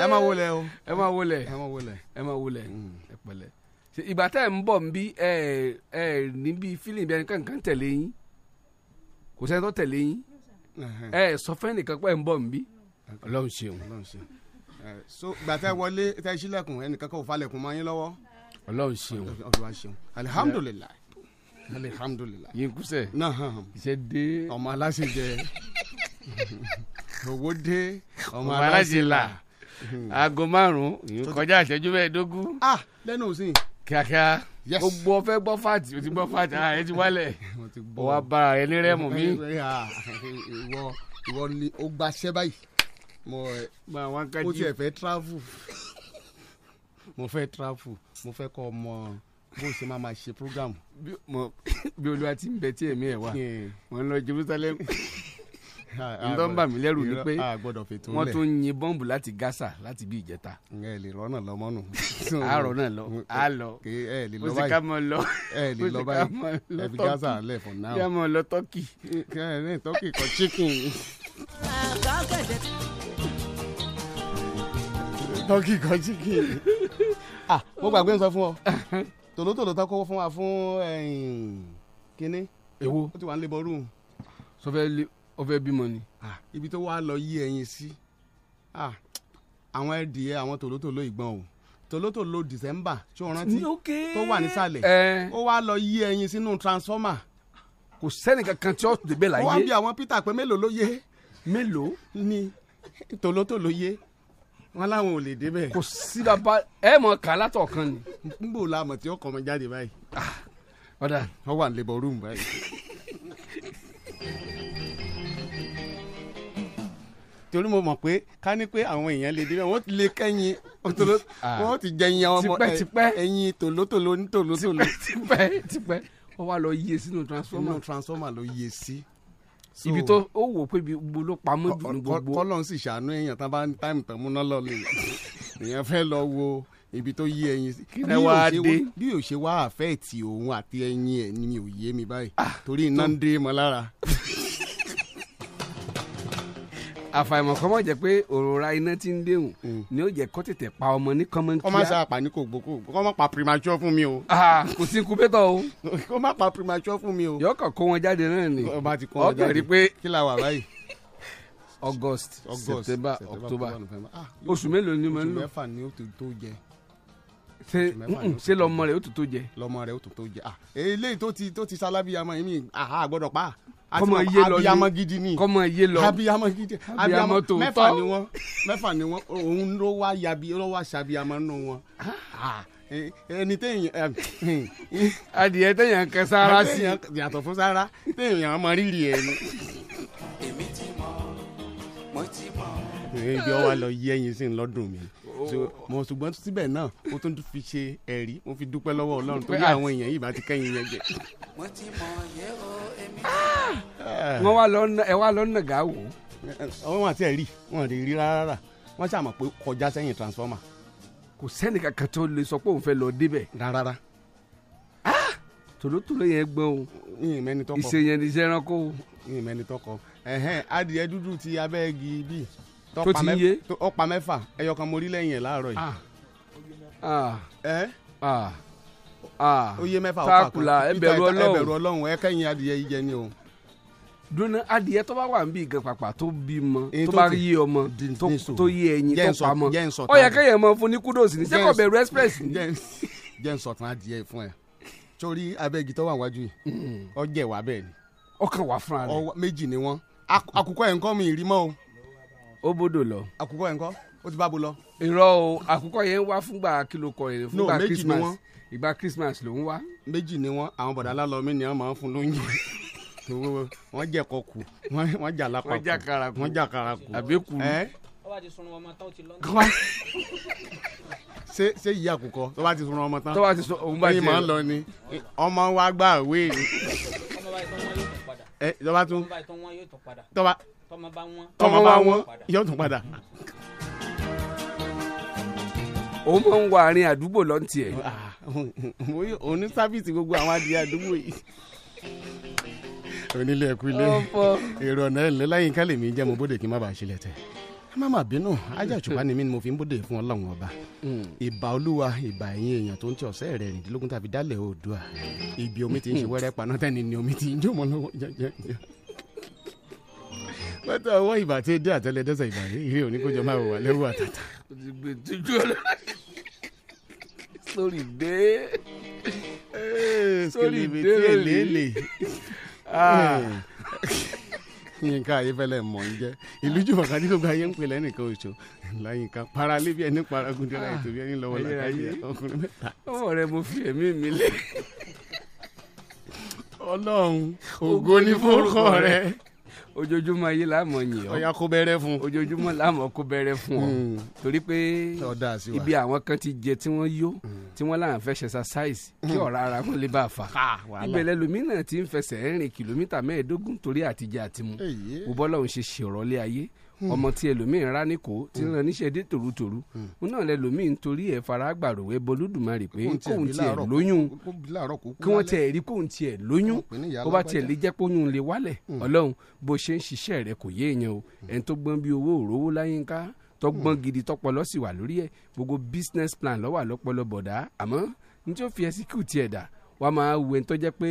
ẹ máa wọlé o ẹ máa wọlé ẹ máa wọlé ẹ máa wọlé hmm. ẹ pẹ̀lẹ́ ìgbà tá ẹ ń bọ̀ nbí ẹ ẹ níbi fílìn ẹni kankan tẹ̀lé yín kò sẹ́ni tó tẹ̀lé yín ẹ sọ fẹ́ nìkan pé ẹ ń bọ̀ nbí ọlọ́run ṣeun. so ìgbà tá ẹ wọlé tá ẹ ṣílẹ̀kùn ẹnìkan kò falẹ̀kùn mọ́ yín lọ́wọ́ ọlọ́run ṣeun alihamudulilayi alihamudulila yinkusẹ iṣẹ dé ọmọ aláṣẹjẹ owó dé ọmọ aláṣẹlà aago márùn yìí kọjá ìṣẹ́jú mẹ́ẹ̀ẹ́dógún. ah lẹ́nu òsín. kíákíá o, gbọ́ fẹ́ gbọ́ fàtì o, ti gbọ́ fàtì ara ah, ẹ ti wálẹ̀ o, wá bá ara ẹ ní rẹ́mù mi. Ah, ìwọ ìwọ ni ó gbaṣẹ́ báyìí mo eh, ó tiẹ̀ fẹ́ travel mo fẹ́ travel mo fẹ́ kọ́ ọmọ bó ṣe máa ma ṣe program. bí olúwa ti ń bẹ tí èmi ẹ wà mo ń lọ Jerusalem ah, n tó ah, ń bà mí lẹ́rù ni pé ah, wọ́n tún yin bọ́ǹbù láti Gaza láti bí ìjẹta. ẹ lè rọ́nà lọ mọ́nù. àárọ̀ náà lọ á lọ ó sì ká mọ́ lọ ó sì ká mọ́ lọ tọ́kì kí á mọ́ lọ tọ́kì. tọ́kì kọ chicken. tọ́kì kọ chicken. ah mo gbàgbé ń sọ fún ọ tòlótòló tán kó fún wa fún kínní. ewo. ó ti wà ń labour room. sọfẹ ọfẹ bímọ ni. ibi tó wàá lọ yí ẹyin sí àwọn ẹdìyẹ àwọn tòlótòló ìgbọ̀n o tòlótòló december tí o rántí tó wà nísàlẹ̀ ó wàá lọ yí ẹyin sínú transformer. kò sẹ́ni kankan tí ó débẹ̀ láyé. wọ́n á bí àwọn peter pé mélòó ló yé. mélòó. ni tòlótòló yé wọn láwọn ò lè débẹ̀. kò sí bàbá ẹ mọ kà látọ̀kan ni. n bò la àmọ̀ tí ọkọ̀ ọmọ jáde báyìí. Ah, ọ̀dà wọ́n wà ní labour báyìí. torí mo mọ̀ pé ká ní pé àwọn èèyàn lè débẹ̀ wọ́n lè kẹ́yìn wọ́n ah. ti jẹyìn àwọn ọmọ ẹ̀yìn tòlótòló ní tòlótòló. tipẹ́ tipẹ́ wọ́n wá lọ yíyé e sínú transformer. inú transformer ló yíyé e sí ibi tó ó wò pé gbogbo ló pamọ́ dùn ní gbogbo. kọ́lọ́n sì ṣàánú èèyàn tá bá ń táìmù tán múná lọ lè èèyàn fẹ́ lọ wo ibi tó yí ẹyin sí. kí ló wá bí yóò ṣe wá àfẹ́ẹ̀tì òun àti ẹyin ẹ̀ ni ò yé mi báyìí ah, torí iná ń dé mọ́ lára àfàìmọ̀ kọ́ mọ̀ jẹ́ pé òròra iná ti ń déhùn mm. ni ó jẹ́ kó tètè pa ọmọ ní kọ́mọ kíá. kọ́ má sa àpà ní kò gbókò kọ́ má pa primature fún mi o. Ah, kò sí incubator o. kọ́ má pa primature fún mi o. yọ kàn kó wọn jáde náà ni ọkàn rí pé kí la wà báyìí. August September October ah, oṣù mélòó ni mo ń lò. oṣù mẹ́fà ni ó ti tó jẹ ṣe ṣe lọmọ rẹ o tó tó jẹ. lọmọ rẹ o tó tó jẹ ah eléyìí tó ti tó ti sálábíyàmọ yìí mi àhà gbọ́dọ̀ pa kọmọ iye lọ ni abiyamọ gidi ni kọmọ iye lọ abiyamọ gidi abiyamọ tó mẹ́fà ni wọn mẹ́fà ni wọn òun ló wá yabi ló wá sabiyamọ nù wọn ẹni téèyàn adìyẹ téèyàn kẹ sára sí yàtọ̀ fún sára téèyàn mọ rírì ẹ ni. èmi ti mọ mo ti mọ. ibi ọwọ́ lọ yí ẹyin sí ń lọ́dún mi. Oh. mọ̀ ṣùgbọ́n síbẹ̀ náà mo tún fi ṣe ẹ̀rí mo fi dúpẹ́ lọ́wọ́ ọlọ́run torí àwọn èèyàn yìí bá ti kẹ́yìn yẹn jẹ. Ah! Ah. wọ́n wá lọ ẹ wá lọ nàgà wò. wọ́n àti ẹ̀rí wọ́n rí rí rárá wọ́n ṣàmọ̀ pé kọjá sẹ́yìn transformer. kò sẹ́ni kankan tó lè sọ pé òun fẹ́ lọ débẹ̀. rárá ah! tòlótòló yẹn gbọ́n o ìṣèyẹn ní sẹ́ranko. ìyìn mẹ́ni tọkọ adìyẹ dúdú ti abẹ́ẹ́gi bíi tó ti ń yé ó pa mẹ́fà ẹyọ kan mo rí lẹ́yìn ẹ̀ láàárọ̀ yìí. ẹ ah. ah. ah. eh? ó yé mẹ́fà ó fà kọ́ ẹ bẹ̀rù ọlọ́run ẹ kẹ́yìn adìyẹ yìí jẹ ni o dunu adìyẹ tó bá wà ń bí gan pàpà tó bímọ tó bá yé ọmọ tó yé ẹyin tó pamọ́ ó yẹ kẹyẹ mọ fún ní kudos ní sẹkọ bẹ̀rù express. jẹ́ ń sọ̀tàn adìyẹ fún ẹ torí abẹ́gi tó wà wájú yìí ọ jẹ̀ wá bẹ́ẹ̀ ni. ọkàn wà fúnra rẹ méjì ni wọ́n àkùkọ ẹ̀ ń kọ́ mi ìrímọ́ o ó bódò lọ. àkùkọ yẹn kọ́ ó ti bá bo lọ. irọ́ o àkùkọ yẹn wá fúngbà kìlọ̀ kọ yẹn fúngbà christmas ìgbà christmas ló ń wá. méjì ni wọn àwọn bọ̀dá alálọ́mí ni wọn máa ń fún lóyún wọn jẹ kọkù wọn jà lápá kù wọn jà kara kù. àbí kù. tó bá ti sunun ọmọ tán ó ti lọ́nà. ṣé ṣé ìyá àkùkọ tó bá ti sunun ọmọ tán. tó bá ti sunun ọmọ tán. ìmọ̀ ń lọ ni ọmọ wa gbà wéèrè. ọmọ báyìí tó wọ́n yóò tún padà. ẹ tó bá tún. ọmọ báyìí tó wọ́n yóò tún padà. tó bá tọmọ bá wọn. yóò tún padà. òun máa ń wà àárín àdúgbò lọ́ntì ẹ̀. Ah, òun ní sábìsì gbogbo àwọn adìyẹ àdúgbò yìí onílé ẹkú ilé èrò ọ̀nà ẹ̀ lẹ́láyìn ká lèmi jẹ́ mo bóde kí n má bàa ṣílẹ̀ tẹ̀ má má bínú ajá òṣùpá ni mí ni mo fi ń bóde fún ọlọ́run ọba hmm. ìbà olúwa ìbà ẹ̀yìn èèyàn tó ń tẹ ọ̀sẹ́ rẹ̀ rìndínlógún tàbí dálẹ̀ oòdùà ibi omi ti ń ṣe hmm. wẹ́rẹ́ paná ni omi ti ń jó mọ́ lọ́wọ́ jẹ́jẹ́ pátá ọwọ́ ìbà tí dé àtẹlẹ dẹ́sẹ̀ ìbà rí ilé òní kó jọ máa wà lẹ́wọ́ àtàtà. sórí dé eh, sórí dé lèlè ah. eh, yínká ayéfẹ́lẹ́ mọ̀ ń jẹ́ ìlú jùmọ̀ kàdí gbogbo ayé ń pè lẹ́nìkan oṣù láyínká paralé bí ẹni paragun dé láì tóbi ẹni lọ́wọ́ láyé ọkùnrin mẹ́ta. ọwọ́ rẹ mo fi ẹ̀mí mi lé. ọlọ́run ògo ní forúkọ rẹ ojoojúmọ́ yìí láàmú yìí ọ ọyà kó bẹ̀rẹ̀ fún ojoojúmọ́ láàmú kó bẹ̀rẹ̀ fún ọ hmm. torí pé ibi àwọn kan ti jẹ tí wọ́n yó hmm. tí wọ́n láwọn fẹ́ ṣẹṣaṣáìsì kí hmm. ọ̀rá ara wọn lè bá a fà ìbẹ̀lẹ̀ lómìnà ti ń fẹsẹ̀ rìn kìlómítà mẹ́ẹ̀ẹ́dógún torí àtijọ́ àtimú òbọ́lọ́hún ṣe ṣèrọ́lé ayé Hmm. ọmọ tí ẹlòmíín rá ní kó tí ń hmm. ran níṣẹ́ dé tòrútòrú òun hmm. náà lẹlòmíín torí ẹ̀ fara gbàròwé bolódùmarè pé kóun tiẹ̀ lóyún kí wọ́n tiẹ̀ rí kóun tiẹ̀ lóyún kó bá tiẹ̀ lè jẹ́ póyún lè wálẹ̀ ọlọ́run bó ṣe ń ṣiṣẹ́ rẹ̀ kò yé èèyàn o ẹni tó gbọ́n bí owó òrówó láyé ń ká tọgbọ́n gidi tọpọlọ sì wà lórí ẹ̀ gbogbo business plan lọ́wọ́ àlọ́pọlọ bọ̀dá àmọ́ ní tí ó fi execute ẹ̀ dà wàá máa wù ẹni tó jẹ́ pé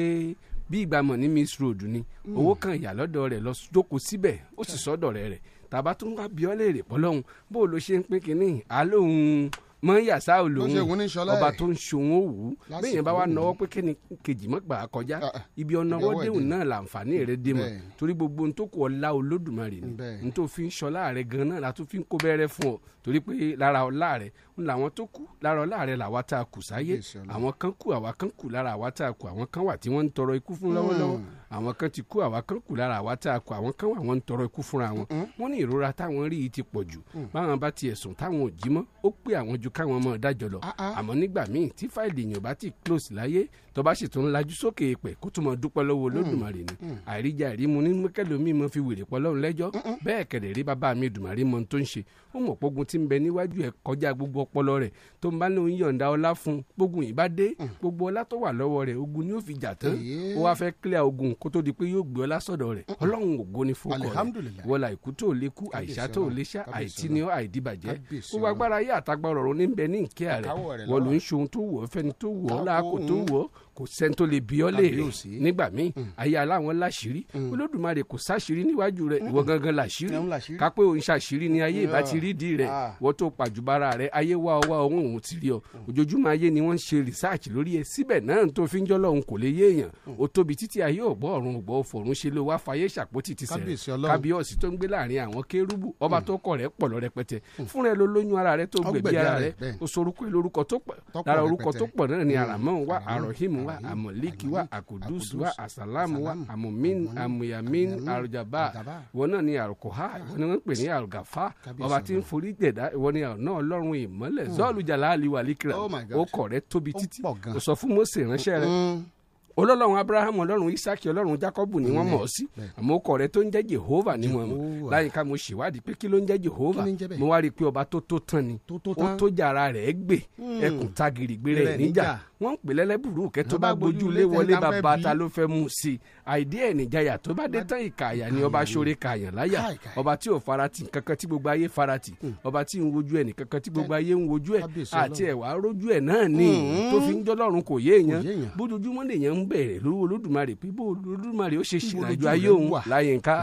bí ìgbàmọ̀ ní miss road ni owó kan ìyàlọ́dọ̀ rẹ̀ lọ jókòó síbẹ̀ ó sì sọ́dọ̀ rẹ̀ rẹ̀ tàbá tún wá bí ọ léèrè pọlọ́hún bó o lo ṣe ń pín kínní àlóhùn mọ́yàsá olóhùn ọba tó ń ṣòwò òwú bẹ́ẹ̀ bá wa nọwọ́ pé kẹ́ni kejì mọ́ kọjá ah, ah. ibi ọ̀nàwọ́ déhùn náà làǹfààní rẹ̀ dé mọ́ torí gbogbo n tó kù ọlá olódùmarè ni n tó fi ń ṣọlá rẹ̀ gan náà la tó fi ń kó bẹ́rẹ́ fún ọ torí pé lára ọlá rẹ̀ ń làwọn tó kù lára ọlá rẹ̀ làwa tá a kù sáyé àwọn kan kù àwa kan kù lára àwa tá a kù àwọn kan wà tí wọ́n ń tọrọ ikú fún hmm. lọ́wọ́lọ́wọ́ àwọn kan ti kú àwa kan kù lára àwa tá a kọ àwọn kan wà wọ́n ń tọrọ ikú fúnra wọn wọ́n ní ìrora táwọn rí i ti pọ̀ jù mm. báwọn bá tiẹ̀ sùn táwọn ò jí mọ́ ó pé àwọn ju káwọn mọ́ ọ dájọ́ lọ ah, ah. nígbà míì tí fáìlì èèyàn bá ti close láyé tó bá sì tún lajú sókè èpè kó tún mọ dúpẹ́ lọ́wọ́ mm. olódùmarè ni mm. àìríjà ìrímu ní mẹkẹlómi mọ fi wèrè pọ lọrun lẹ́jọ́ bẹ́ẹ̀ kẹdẹ rí bàbá mi dùmarè mọ tó ń ṣe ó mọ pogun tí ń bẹ níwájú ẹ kọjá gbogbo ọpọlọ rẹ tó ń bá lóun yọ̀ǹda ọlá fún gbógun yìí bá dé mm. gbogbo ọlá tó wà lọ́wọ́ rẹ ogun ni ó fi jà tán ó wá fẹ́ clear ogun kó tó di pé yóò gbé ọlá sọ́dọ̀ rẹ ọlọ́run ògo ni fọkọ rẹ wọlá ikú tó lé kú àìsá tó lé àìtí ni ó àìdíbàjẹ́ gbogbo agbára ayé àtagbọ̀rọ̀ ní bẹ ní ìkẹ́ rẹ wọ́n ń ṣohun tó wọ̀ fẹ́ni tó wọ̀ láàkó tó wọ̀ kò sẹ́ni tó lè bí ọ́ léèrè nígbà míì mm. ayé aláwọn láṣìírí mm. olódùmarè kò sáṣìírí níwájú rẹ̀ mm. ìwọ gangan láṣìírí kápẹ́ òun ṣàṣìírí ni ayé ìbá ti rí di rẹ̀ ah. wọ́n tó pàjùbára rẹ̀ ayé wá ọ wá ọ̀hún òun ti rí ọ ojoojúmọ́ ayé ni wọ́n ń ṣe rìsáàcì lórí ẹ síbẹ̀ náà tó fi ń jọ́ lọ́hùn kò lè yé èèyàn ó tóbi títí ayé ọ̀gbọ́ ọ̀run ọ̀gbọ́ fọ̀run ṣe ló wá fayé ṣàpótì ti sẹ̀rẹ̀ kábíyọ̀sì tó ń gbé láàrin àwọn kérúbù ọba tó kọ̀ rẹ̀ pọ̀ lọ rẹpẹtẹ fúnra ẹ ló lóyún ara rẹ tó gbẹ̀bí ara rẹ ó sorúkọ lórúkọ tó pọ̀ lára orúkọ tó pọ̀ náà ni àràmọ́ wa àròhìmù wa amọ̀líkì wa àkùdùs wa àsàlámù wa àmùmín àmùyàmín àrùjàbá ìwọ náà ni àrùkọ́há ìwọ ni wọ́n ń pè ní àrùgàfá ọba tí ń forí dẹ̀dá ìwọ ni àrùn náà ọlọ́run ìmọ́lẹ̀ hmm. zọ́ọ̀lù jàlá àlìwà líkìrà oh ó kọ̀ rẹ̀ tóbi títí ó sọ fún Mósè ránṣẹ́ rẹ̀ hmm olólọ́run abrahamu ọlọ́run isaki ọlọ́run jacobu ni wọ́n mm. mọ̀ ọ́ sí àmọ́ ọkọ rẹ tó ń jẹ́ jehova ni wọ́n mọ̀ láyìíká mo ṣèwádìí pé kí ló ń jẹ́ jehova mo wá rí i pé ọba tó tó tán ni ó tó jàrá rẹ̀ gbè mm. ẹkùn tagiri gbé rẹ̀ níjà wọ́n ń pè lẹ́lẹ́bùrú kẹ́ tó bá gbójú lé wọlé bàbá ta ló fẹ́ mú sí i àìdí ẹ̀ nìjayà tó bá dé tán ìkàyà ni ọba ṣoore kàyàn láyà ọba tí ò farati kankan tí gbogbo ayé farati mm. ọba tí ń wojú ẹ̀ nìkankan tí gbogbo ayé ń wojú ẹ̀ àti ẹ̀wà rójú ẹ̀ náà ni mm-hmm. tó fi ń jọ́lọ́run kò yé èèyàn bójoojúmọ́ lèèyàn ń ń béèrè lọ́wọ́ olódùmarè pé bó olódùmarè ó ṣe ṣìnàjò ayé òun láyínká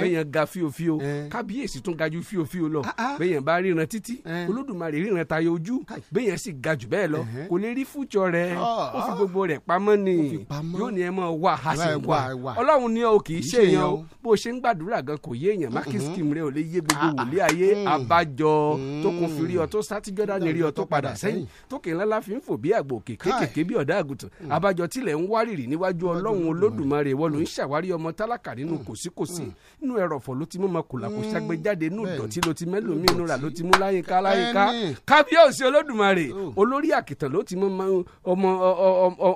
bẹ́yẹn ga fíofío kábíyèsí tún ga ju fíofío lọ ah, ah. bẹ́yẹn bá ríran títí olódùmarè ríran tayọ ojú bẹ́yẹn sì ga jù bẹ́ẹ̀ lọ kò lè rí fújọ rẹ ah, ó fi gbogbo rẹ̀ pamọ́ ni yóò ní ẹ mọ́ wà á sì wà ọlọ́run ni ó kì í ṣe èèyàn o bó ṣe ń gbàdúrà gan kò yé èèyàn má kìsìkìm rẹ ò lè yé gbogbo wòlé ayé abájọ hmm. hmm. tó kun fi rí ọ tó sátijọ́dá ni rí ọ tó padà sẹ́yìn tó kìnlá láfi ń fò bí àgbò kékékèké bí ọ̀dà àgùntàn abájọ hmm. tilẹ̀ ń wárí kárìrì níwájú ọlọ́run olódùmarè wọ́n ló ń mm. ṣàwárí ọmọ tálákà nínú mm. kòsíkòsí mm. inú ẹrọ̀fọ̀ ló ti mú ọmọ kòlàkò ṣàgbéjáde inú ìdọ̀tí ló ti mẹ́lò mí inú rà ló ti mú láyínká láyínká kábíyèsí olódùmarè oh. olórí àkìtàn ló ti mú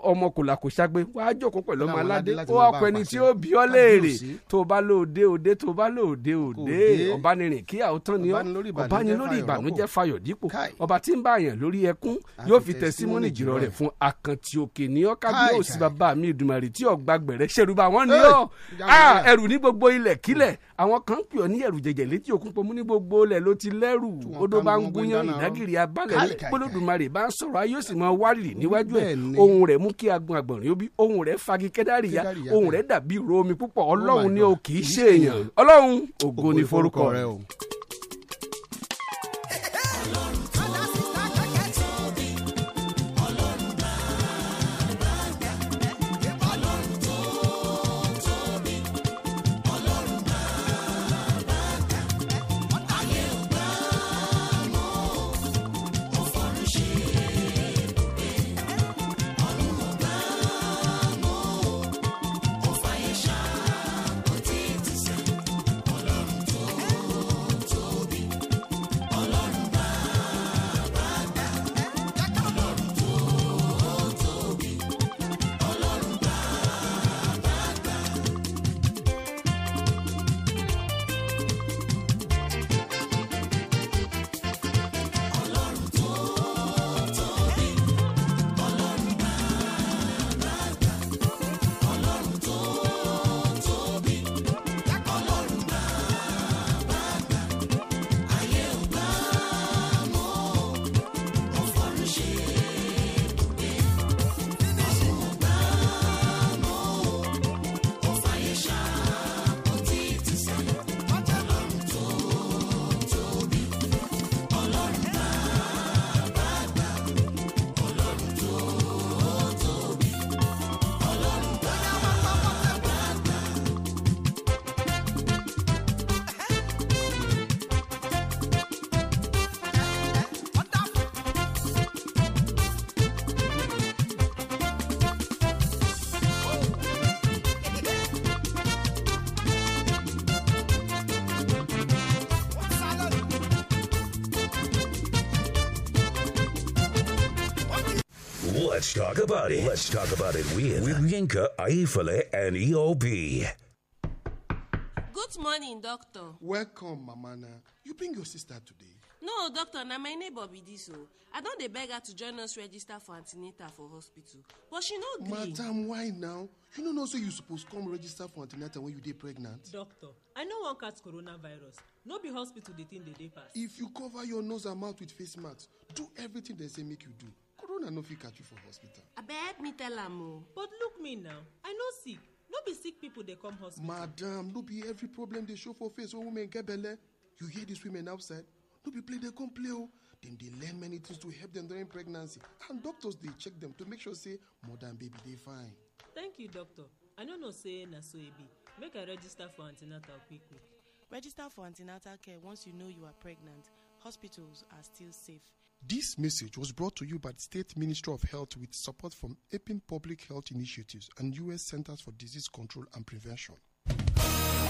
ọmọ kòlàkò ṣàgbé wàá jókòó pẹ̀lú ọmọ aládé ó wá pẹ́ni tí ó bí ọ léèrè tó bá lóde òde tó bá lóde òde ọ̀bánirin kíá ó tán ni ó ọ̀bánilórí ìbànújẹ́ fayọ̀ dípò ọba tí ń bá àyàn lórí ẹkún yóò fi tẹ̀símọ́nì jùlọ rẹ̀ fún akàntì òkè ọ kábíyèsí bàb ọba mi ìdùmarè tí ọgbà gbẹ̀rẹ̀ ṣerúbà wọn ni ọ ah, ẹrù ní gbogbo ilẹ̀ kílẹ̀ àwọn kan pè ọ ní ẹrù jẹjẹ létí òkun pọ̀ mú ní gbogbo ilẹ̀ ló ti lẹ́rù odò bá ń gúnyán ìdágìrì abalẹ̀ gbólódùmarè bá ń sọ̀rọ̀ ayé òsì mọ́ wárìrì níwájú ẹ̀ ohun rẹ̀ mú kí agun àgbọ̀nrín ó bí ohun rẹ̀ fagi kẹ́dárìyá ohun rẹ̀ dàbí ìró omi púpọ̀ oh ọlọ́run ni o kì í ṣe èèyàn ọlọ́run ògo ni forúkọ rẹ̀ o. about it. Let's talk about it with, with Yinka, Aifale, and EOB. Good morning, doctor. Welcome, Mamana. You bring your sister today. no doctor na my neighbor be oh. I don't dey beg her to join us register for antenatal for hospital but she no gree madam why now you know say you supposed come register for antenatal when you dey pregnant doctor i know one catch coronavirus no be hospital the thing they dey pass if you cover your nose and mouth with face mask do everything they say make you do corona no fit catch you for hospital abeg me tell am o but look me now i no sick no be sick people dey come hospital madam no be every problem dey show for face when women get belle you hear these women outside no be play dey come play o dem dey learn many things to help dem during pregnancy and doctors dey check dem to make sure say mother and baby dey fine thank you doctor i no know say na so e be make i register for an ten atal quick quick register for an ten atal care once you know you are pregnant hospitals are still safe This message was brought to you by the State Ministry of Health with support from APIN Public Health Initiatives and U.S. Centers for Disease Control and Prevention.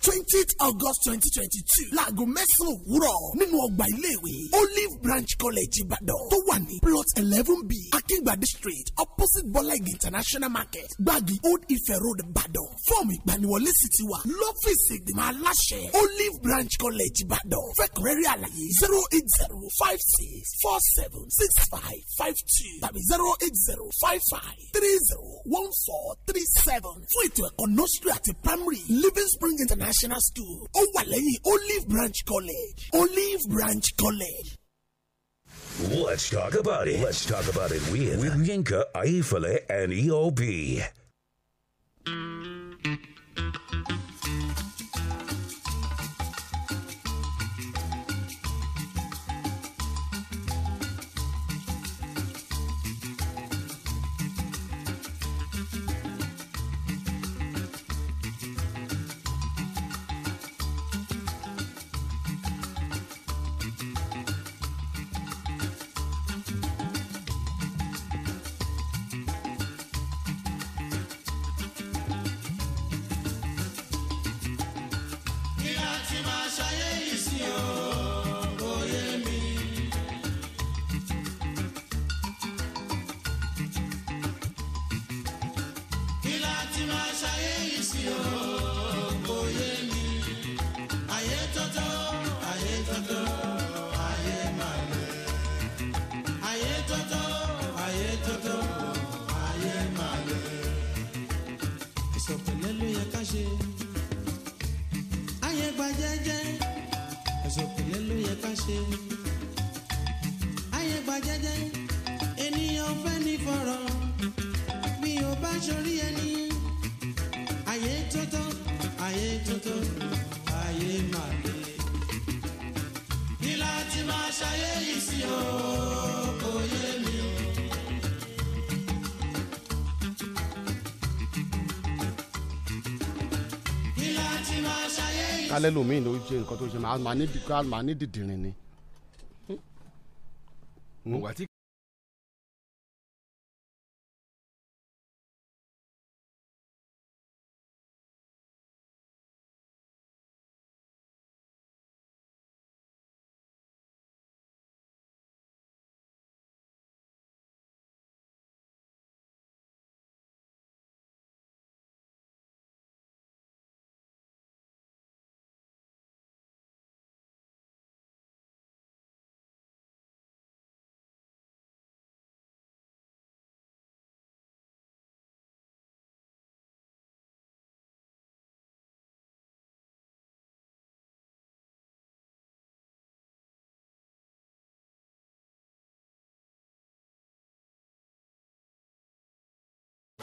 twentieth august twenty twenty two láago mẹ́sàn-án òwúrọ̀ nínú ọgbà iléèwé olive branch college ìbàdàn tó wà ní plot eleven b akíngbàdé street opposite bọ́láìgì international market gbági old ife road ìbàdàn fọ́ọ̀mù ìgbaniwọlé sì ti wà lọ́fíìsì ìgbìmọ̀ aláṣẹ olive branch college ìbàdàn fẹ́kùrẹ́rì àlàyé zero eight zero five six four seven six five five two tàbí zero eight zero five five three zero one four three seven fún ètò ẹ̀kọ́ nursery àti primary living spring international. international school ó wà lẹ́yìn olive branch college olive branch college. Let's talk about it. Let's talk about it with, with Yinka, Aifale, and EOB. lẹ́lòmíì ló ṣe nǹkan tó ṣe máa ní dìdìrín ni.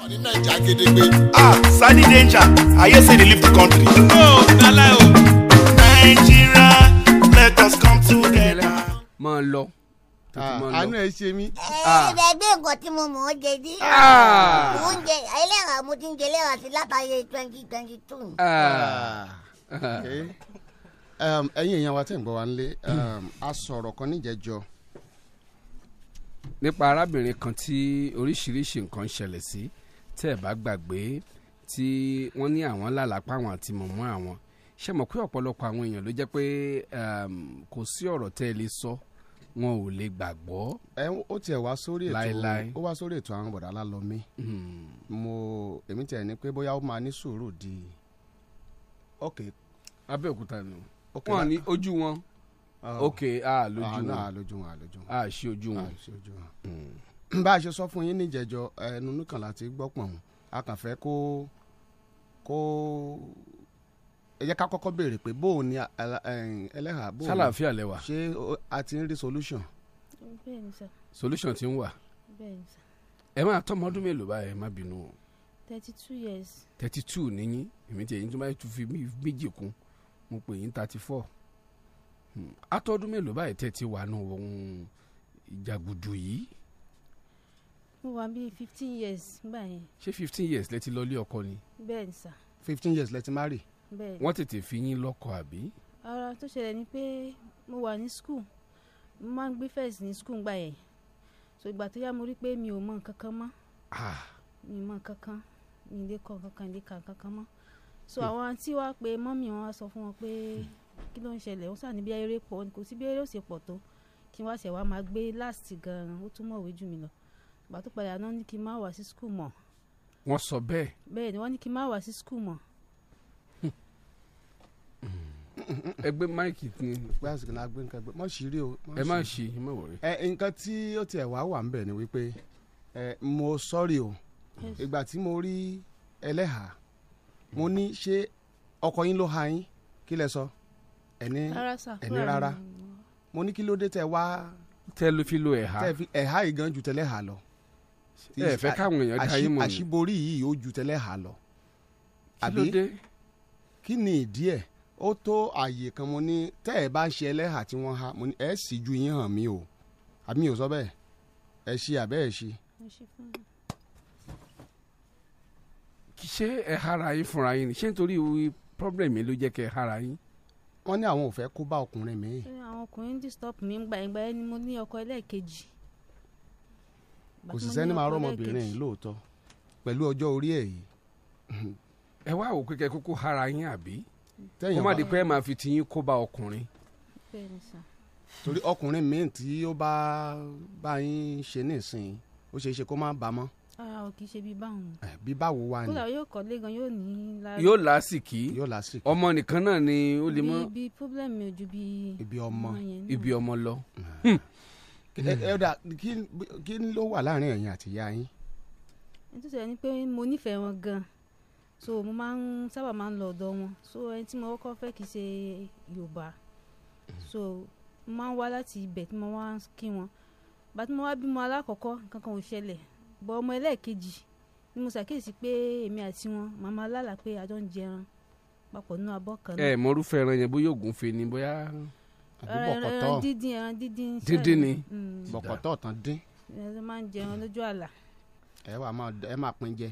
ah sani danger i hear say they leave the country. no na o. nigeria let us come together. máa ah, lọ àánú ẹ ṣe mí. ẹ ah. ẹ gbé nǹkan tí mo mọ̀ ọ́ jẹ dí. Ah. mo ń jẹ ẹlẹ́wà mo ti ń jẹ ẹlẹ́wà sí látàyè twenty twenty two. Um, ẹ̀yin èèyàn wa tẹ̀ ń gbọ́ wa nílé um, a sọ̀rọ̀ kan níjẹ̀jọ́ nípa arábìnrin kan tí oríṣiríṣi nǹkan ń ṣẹlẹ̀ sí. Si tẹ́ ẹ̀ bá gbàgbé tí wọ́n ní àwọn lálàpá àwọn àti mọ̀mọ́ àwọn ṣe mọ̀ pé ọ̀pọ̀lọpọ̀ àwọn èèyàn ló jẹ́ pé ehm, kò sí ọ̀rọ̀ tẹ́ ẹ lè sọ wọn ò lè gbàgbọ́. ẹ ó tiẹ̀ wá sórí ètò láéláé ó wá sórí ètò àwọn bọ̀dá lálọ́mí hmm. mo èmi tiẹ̀ ní pé bóyá ó máa ní sùúrù di ok. abẹ́òkúta ni wọn ní ojú wọn ah. ok a lójú ah, wọn a lójú wọn a ṣe ojú ah, wọn. Hmm. bá a ṣe sọ fún yín níjẹ̀jọ ẹnu nìkan láti gbọ́pọ̀n a kàn fẹ́ kó kó ẹ jẹ́ ká kọ́kọ́ béèrè pé bóun ni ẹlẹ́hà bóun ṣàlàáfíà lẹ́wà ṣé a ti ń rí solution. solution ti ń wà ẹ máa tọ́ ọmọdún mélòó báyìí má bínú o. thirty two years. thirty two nìyí èmi tí èyí tó bá tún fi méjì kún mo pè yín thirty four hmm. atọ́dún mélòó báyìí tẹ̀ ti wà nù ohun ìjàgùdù yìí mo wà bíi fifteen years gbà yẹn. ṣé fifteen years lẹ ti lọ ilé ọkọ ni. bẹ́ẹ̀ ni sà. fifteen years lẹ ti marry. bẹ́ẹ̀ wọ́n tètè fi yín lọ́kọ àbí. ara tó ṣẹlẹ̀ ni pé mo wà ní school mo máa ń gbé fẹ́ẹ̀sì ní school gbà yẹn so ìgbà tó yá mo rí pé mi ò mọ nǹkan kan mọ́ ah. mi mọ nǹkan kan mi lè kọ nǹkan kan lè ka nǹkan kan mọ́ so hmm. àwọn àǹtí wa pé mọ́mì wọn wá sọ fún wọn pé kí ló ń ṣẹlẹ̀ wọ́n sàní bí eré pọ̀ kò sí bí eré ò ṣe pọ̀ tó kí wọ́n ṣẹ̀ wá máa gbé last gan-an ó tún mọ̀wé jù mí lọ ìgbà tó padà náà ní kí n má wá sí skul mọ́. wọ́n sọ bẹ́ẹ̀. bẹ́ẹ̀ ni wọ́n ní kí n má wá sí skul mọ́. ẹgbẹ́ máìkì ni. pé àsìkò náà gbé nǹkan gbé mọ́ sí rí o. ẹ má ṣí i má wọ̀rí. ẹ nǹkan tí ó tiẹ̀ wá wà ń bẹ̀ ni wípé ẹ mo sọ́ọ̀rì o ìgbà tí mo rí ẹlẹ́hà mo ní ṣé ọkọ yín ló ha yín kí lẹ sọ ẹni ẹni rárá mo ní kí ló dé tẹ wá. tẹ ló fi lo ẹ̀há. tẹ fi ẹ̀há yìí gan ju tẹ́lẹ̀ hà lọ ẹ fẹ́ káwọn èèyàn dá yín mọ̀ ni àṣìborí yìí ó ju tẹ́lẹ̀ hà lọ. àbí kí ni ìdí ẹ̀ ó tó àyè kan mo ní tẹ́ ẹ bá ń ṣe ẹlẹ́hà tí wọ́n ha mo ní ẹ sì ju yín hàn mí o àbí mi ò sọ bẹ́ẹ̀ ẹ ṣe àbẹ́ ẹ ṣe. kì í ṣe ẹ hara yín fúnra yín ni ṣé nítorí problem mi ló jẹ́ kẹ́ ẹ hara yín wọ́n ní àwọn ò fẹ́ kó bá ọkùnrin mi. àwọn ọkùnrin disturb mi gbàgbà ẹni mo ní ọkọ ẹlẹ́ẹ̀kejì kò sì sẹ́ni máa rọ́mọbìnrin lóòótọ́ pẹ̀lú ọjọ́ orí ẹ̀ yìí. ẹ wá wò kíkẹ́ kókó hara yín àbí kó má di pé ẹ máa fi tiyín kó ba ọkùnrin. torí ọkùnrin míì tí ó bá bá yín ṣe nísìnyí ó ṣeé ṣe kó má bá mọ́ o kì í ṣe bí báwọn. bí báwo wà ní. kódà yóò kọ́lé gan yóò ní. yóò lásìkí yóò lásìkí ọmọ nìkan náà ni ó lè mọ. ibi problem mi ò ju bí. ibi ọmọ ibi ọmọ lọ ẹ̀ẹ́dà hmm. kí ló wà láàrin ẹ̀yin àti ìyá yín. nítorí ẹni pé mo nífẹ̀ẹ́ wọn gan-an so mo máa ń sábà máa ń lọ ọ̀dọ̀ wọn so ẹni tí mo kọ́kọ́ fẹ́ kì í ṣe Yorùbá so mo máa ń wá láti ibẹ̀ tí mo wá ń kí wọn bá tí mo wá bímọ alákọ̀ọ́kọ́ nǹkan kan ò ṣẹlẹ̀ bọ́ ọmọ ẹlẹ́ẹ̀kejì ni mo ṣàkíyèsí pé èmi àti wọn màmá lálàá pé àjọ ń jẹran papọ̀ nínú abọ́ kan náà. ẹ mọrúfẹ ẹran yẹn bóyá ògúnfe ni bóyá bọ̀kọ̀tọ̀ dídín ẹran dídín ṣe dídín ni mm. bọ̀kọ̀tọ̀ tán dín. ẹ máa ń jẹun lójú àlà. ẹ wà ẹ máa pín jẹ.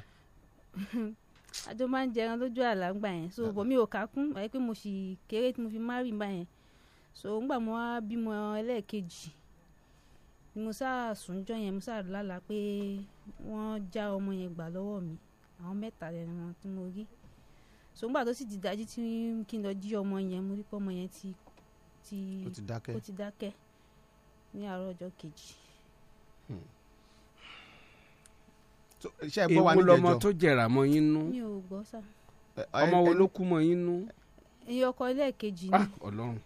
àjọ máa ń jẹun lójú àlà ńgbà yẹn so bọ̀ mi ò kà kún ẹ pé mo sì kéré tí mo fi má rí ńgbà yẹn so ńgbà mo wá bímọ ẹlẹ́ẹ̀kejì ni mo sáà sùnjọ́ yẹn mo sáà lálàá pé wọ́n já ọmọ yẹn gbà lọ́wọ́ mi àwọn mẹ́ta rẹ̀ ni tí mo rí so ńgbà tó sì dìdájú tí kí n lọ jí ọmọ yẹn mo rí pé ọmọ yẹn ti ti ó ti dákẹ́ ó ti dákẹ́ ní àárọ̀ ọjọ́ kejì. Hmm. èwo lọmọ tó jẹrà mọ́ yín nú. ọmọ wo ló kú mọ́ yín nú. iye ọkọ ẹlẹ́ẹ̀kejì ni. Ah, ọlọ́run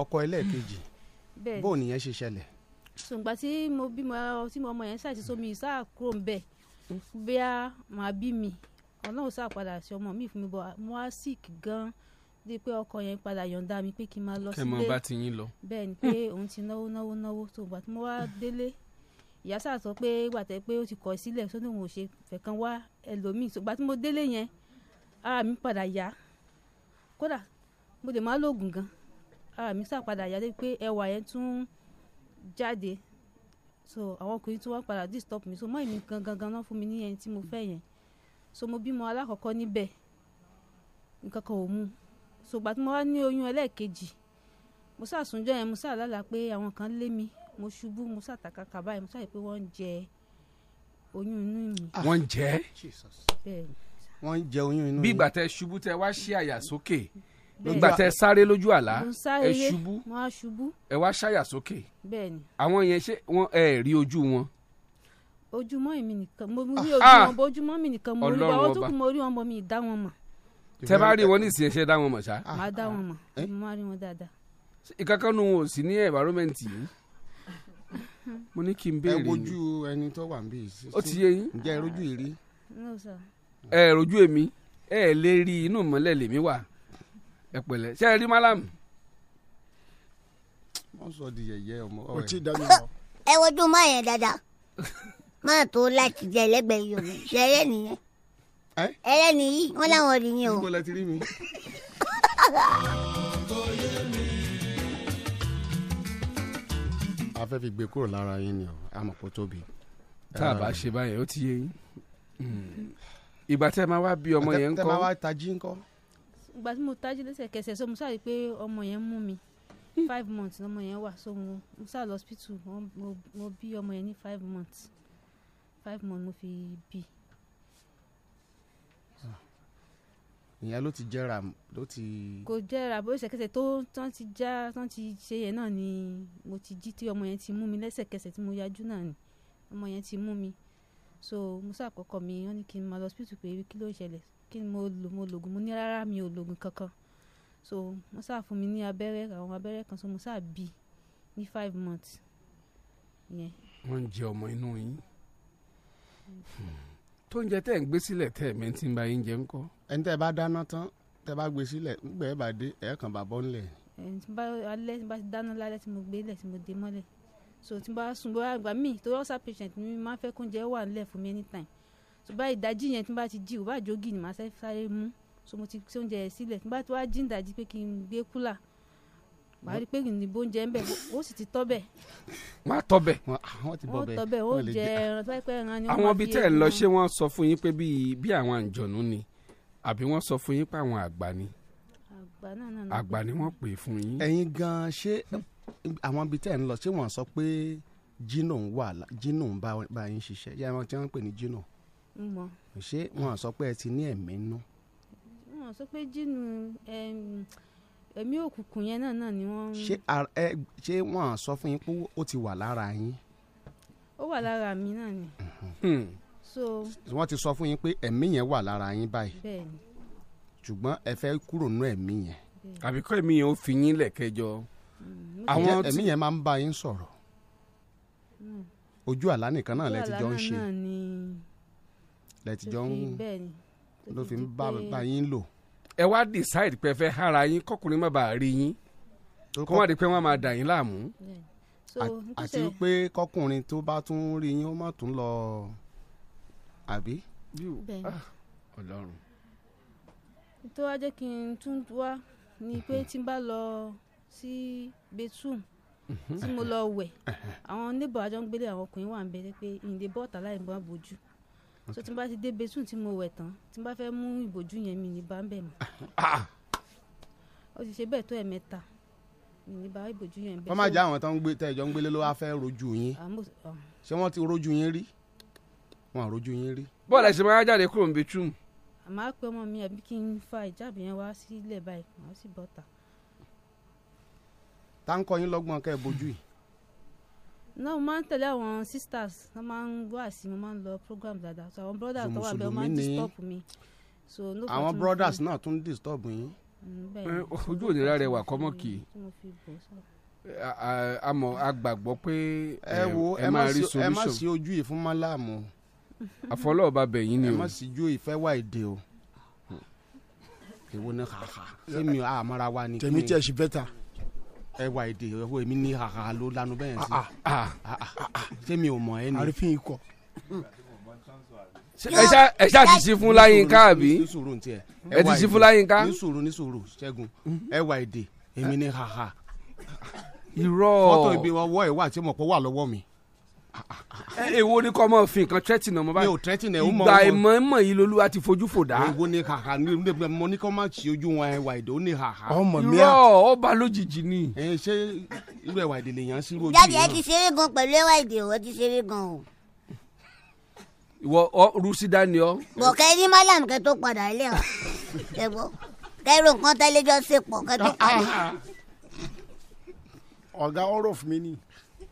ọkọ ẹlẹ́ẹ̀kejì bó nìyẹn ṣe ṣẹlẹ̀. ṣùgbọ́n tí mo bímọ tí mo ọmọ yẹn ṣàìsí sómi ìsáà kúrò ń bẹ̀ hmm. bóyá màá bí mi ọlọ́run ṣàpadà sí ọmọ mi fún mi bọ́ mo á sick gan-an di pé ọkọ yẹn padà yọ̀ǹda mi pé kí n máa lọ sílé kẹmọ bá ti yín lọ bẹ́ẹ̀ ni pé òun ti náwó náwó náwó tó gbà tí mo wá délé ìyá sáà sọ pé gbàtẹ́ pé ó ti kọ̀ sílẹ̀ sódò òun ò ṣe fẹ́ wá ẹlòmíì tó gbà mo délé yẹn ara mi padà yá kódà mo lè má lòògùn gan ara mi sá padà yá débi pé ẹwà yẹn tún jáde so àwọn ọkùnrin tún wá padà disturb mi so mọ́ èmi gangan ganan fún mi ní ẹni tí mo fẹ́ yẹn so mo bímọ alákọ̀ọ́kọ́ níbẹ̀ nǹkan kan ò mú un sògbà tí mo wá ní oyún ẹlẹ́ẹ̀kejì mo ṣàsúnjọ́ yẹn mo ṣàlálà pé àwọn kan lé mi mo ṣubú mo ṣàtàkàkà báyìí mo ṣàyè pé wọ́n ń jẹ oyún inú mi. Ah. wọ́n ń jẹ wọ́n ń jẹ oyún inú mi. bí ìgbà tẹ ṣubú tẹ wá ṣí àyà sókè ìgbà tẹ sáré lójú àlá ẹ ṣubú ẹ wá ṣàyà sókè àwọn yẹn ṣe wọn ẹ rí ojú wọn ojúmọ́ èmi nìkan mo rí ojúmọ́ mi nìkan mo rí ah, ah. wọn tó kù mo rí wọn mọ mi ìdá wọn mọ̀ tẹ bá rí wọn ní ìsìn ẹṣẹ dáwọn mọ ṣá. má dáwọn mọ eh? mo má rí wọn dáadáa. ìkankan nu wọn ní environment yìí mo ní kí n béèrè. ẹ wojú ẹni tó wà níbí. ó ti yé yín. ǹjẹ́ ẹ rojú ìrí. ẹ rojú èmi ẹ lè rí inú mọ́lẹ̀ lèmi wà ẹ pẹ̀lẹ́ ṣé ẹ rí málàmù. wọ́n sọ di yẹ̀yẹ́ ọmọ ọ̀rẹ́. o ti dá mi ẹ wojú máa yẹn dáadáa máa tó láti jẹ lẹ́gbẹ̀ẹ́ yòó ṣẹlẹ̀ nìyẹn ẹlẹ́ni yìí wọ́n láwọn rí yín o. ibo la ti rí mi. a fẹ́ fi gbé kúrò lára yín ni o àmọ́ kó tóbi. tá a bá ṣe báyẹn ó ti yé yín hmm. ìgbà tẹ́ máa wá bí ọmọ yẹn ń kọ́. tẹ́ máa wá tají ń kọ́. ìgbà tí mo tají lẹ́sẹ̀kẹsẹ̀ so mo sáré pé ọmọ yẹn mú mi hmm. five months lọmọ yẹn wà so mo mo lọ hospital mo bí ọmọ yẹn ní five months five months mo fi bí ìyẹn ló ti jẹrà ló ti. kò jẹrà bó ṣẹkẹsẹ tó tán ti já tán ti ṣe yẹn náà ni mo ti jí tí ọmọ yẹn ti mú mi lẹ́sẹ̀kẹsẹ̀ tí mo yájú náà ni ọmọ yẹn ti mú mi so musa àkọ́kọ́ mi wọ́n ní kí n máa lọ hospital pé kí ló ń ṣẹlẹ̀ kí ni mo lò mo lògùn mo ní rárá mi ò lògùn kankan so musa fún mi ní abẹ́rẹ́ àwọn abẹ́rẹ́ kan so musa bí ní five months yẹn. wọ́n ń jẹ ọmọ inú yín. Hmm. hmm tó ń jẹ tẹ́ ń gbé sílẹ̀ tẹ́ ẹ̀ mẹ́tí ń ba yín jẹ ńkọ́. ẹni tẹ́ bá dáná tán tẹ́ bá gbé sílẹ̀ ńgbẹ́ ẹ bá dé ẹ kàn bá bọ́ ńlẹ̀. ẹni alẹ́ bá dáná lálẹ́ tí mo gbé lẹ̀ tí mo dé mọ́lẹ̀ so tí bá sùn bóyá àgbà míì torí ọ̀sà patient mi máa fẹ́ kóúnjẹ wà ńlẹ̀ fún mi anytime so bá ìdájí yẹn tí bá ti jí ò bá jógì ni màá sáré mú so mo ti sóúnjẹ yẹn sílẹ̀ tí bá ti wá jí ìdájí pé kí n gbé kúlà màá rí i pé níbo ń jẹ ń bẹ ó sì ti tọ́ bẹ̀. á tọ́ bẹ̀. wọ́n ti ó jẹ ẹran tó pẹ́ ẹran ni wọ́n máa fi. àwọn ibi tẹ́ ẹ lọ ṣé wọ́n sọ fún yín pé bí àwọn àǹjọ̀nú ni àbí wọ́n sọ fún yín pé àwọn àgbà ni. àgbà ni wọ́n pè fún yín. ẹ̀yin gan-an ṣé àwọn ibi tẹ́ ẹ ń lọ ṣé wọ́n sọ pé jino ń wà jino ń bá yín ṣiṣẹ́ yá wọn tí wọ́n pè ní jino. ṣé wọ́n sọ pé ẹ ti ní ẹ̀mí nú. wọ́n sọ pé jino ẹ̀mí òkùnkùn yẹn náà náà ni wọ́n. ṣé ẹ ṣé wọ́n sọ fún yín pé ó ti wà lára yín. ó wà lára mi náà ni. Hmm. so. wọ́n ti sọ fún yín pé ẹ̀mí yẹn wà lára yín báyìí. bẹ́ẹ̀ni. ṣùgbọ́n ẹ fẹ́ kúrò nínú ẹ̀mí yẹn. àbí kọ́ ẹ̀mí yẹn ó fi yín lẹ̀kẹjọ. Hmm. àwọn ẹ̀mí yẹn máa ń bá yín sọ̀rọ̀. Hmm. ojú àlá nìkan náà lẹ́tìjọ́ ń ṣe lẹ́tìjọ́ ń ló fi bá yín lò ẹ wá decide pé ẹ fẹ́ hára yín kọkùnrin má bàa rí yín kó má di pé wọ́n máa dà yín láàmú. àti pé kọkùnrin tó bá tún rí yín ó má tún lọ àbí. Ah, ọlọ́run. tó wá jẹ́ kí n tún wá ni pé mhm. tí n bá lọ sí betum mhm. tí mo lọ wẹ̀ àwọn níbọ̀ àjọ ń gbélé àwọn ọkùnrin wà ń bẹ̀rẹ̀ pé ìyìnde bọ́ọ̀tà láì bọ́ àbójú so tí n bá ti dé betún tí mo wẹ̀ tán tí n bá fẹ́ mú ìbòjú yẹn mi ní bámbẹ̀ mọ́ ah, ah. ó ti ṣe bẹ́ẹ̀ tó ẹ̀mẹ́ta mi ní bá ìbòjú yẹn bẹ́ẹ̀. wọ́n máa jẹ́ àwọn tó ń gbé tẹ́jọ́ ń gbélé ló wáá fẹ́ rojú yín ah, ṣé wọ́n ti rojú yín rí wọn àrojú yín rí. bọ́ọ̀lù ẹ̀sìn máa jáde kúrò níbi túmù. àmọ́ pé ọmọ mi àbí kí n fa ìjáàbù yẹn wá sílẹ̀ báyìí wọ́n sì bọ́ta. táǹkọ̀ yín lọ́gbọ̀n kẹ́ ẹ bójú yìí náà mo máa ń tẹ̀lé àwọn sisters wọ́n máa ń wá sí mo máa ń lọ program dáadáa so àwọn brothers tó wà bẹ́ẹ̀ wọ́n máa ń disturb mi. no àwọn brothers náà tún disturb yín. Mm, eh, ojú òdìrá rẹ wà kọ́mọ́ kì í àmọ́ a pé ẹ máa eh, ẹ má sí ojú yìí fún málàmù. àfọlọ́ọ̀bá bẹ̀yìn ni o. ẹ má sí ojú ìfẹ́ wà èdè o. Hmm. èwo ni kàkà. sẹ́mi àmọ́ra wa ni tèmi tiẹ̀ ṣe bẹ́tà ẹwà èdè ẹwọ èmi ní haha ló lanu bẹ́ẹ̀ sí ah, ah, ah, ṣé ò mọ̀ ẹ́ ni. àrífín ikọ̀. ẹ ṣáà ti ṣí fún láyínká àbí ẹ ti ṣí fún láyínká. ní sùúrù ní sùúrù ṣẹ́gun ẹwà èdè èmi ní haha. irọ́ fọ́tò ibi wọ́ ẹ̀ wà tí mo pọ̀ wà lọ́wọ́ mi. èwo ni kọ́ mọ̀ fi nǹkan tẹ́tìnà mọ́ báyìí. mi ò tẹ́tìnà ẹ̀ ń mọ̀ wọn. ìgbà ìmọ̀ ìmọ̀ yìí lolúwa ti fojú fò dá. èwo ni kàkà ni mo ní kọ́ máa ṣe ojú wọn ẹwà èdè ó ní kàkà. ọmọ mi à irọ́ ó ba lójijì ni. ẹ ṣé irú ẹwà èdè lè yàn sí ojú yìí. jáde ẹ ti ṣeré gan pẹ̀lú ẹwà èdè ọ̀ ti ṣeré gan o. ìwọ ọ rusida ni ọ. bọ̀kẹ́ ní málàm kẹ́ tó padà ilé ọ ẹ̀gbọ́n kẹ́rù nǹkan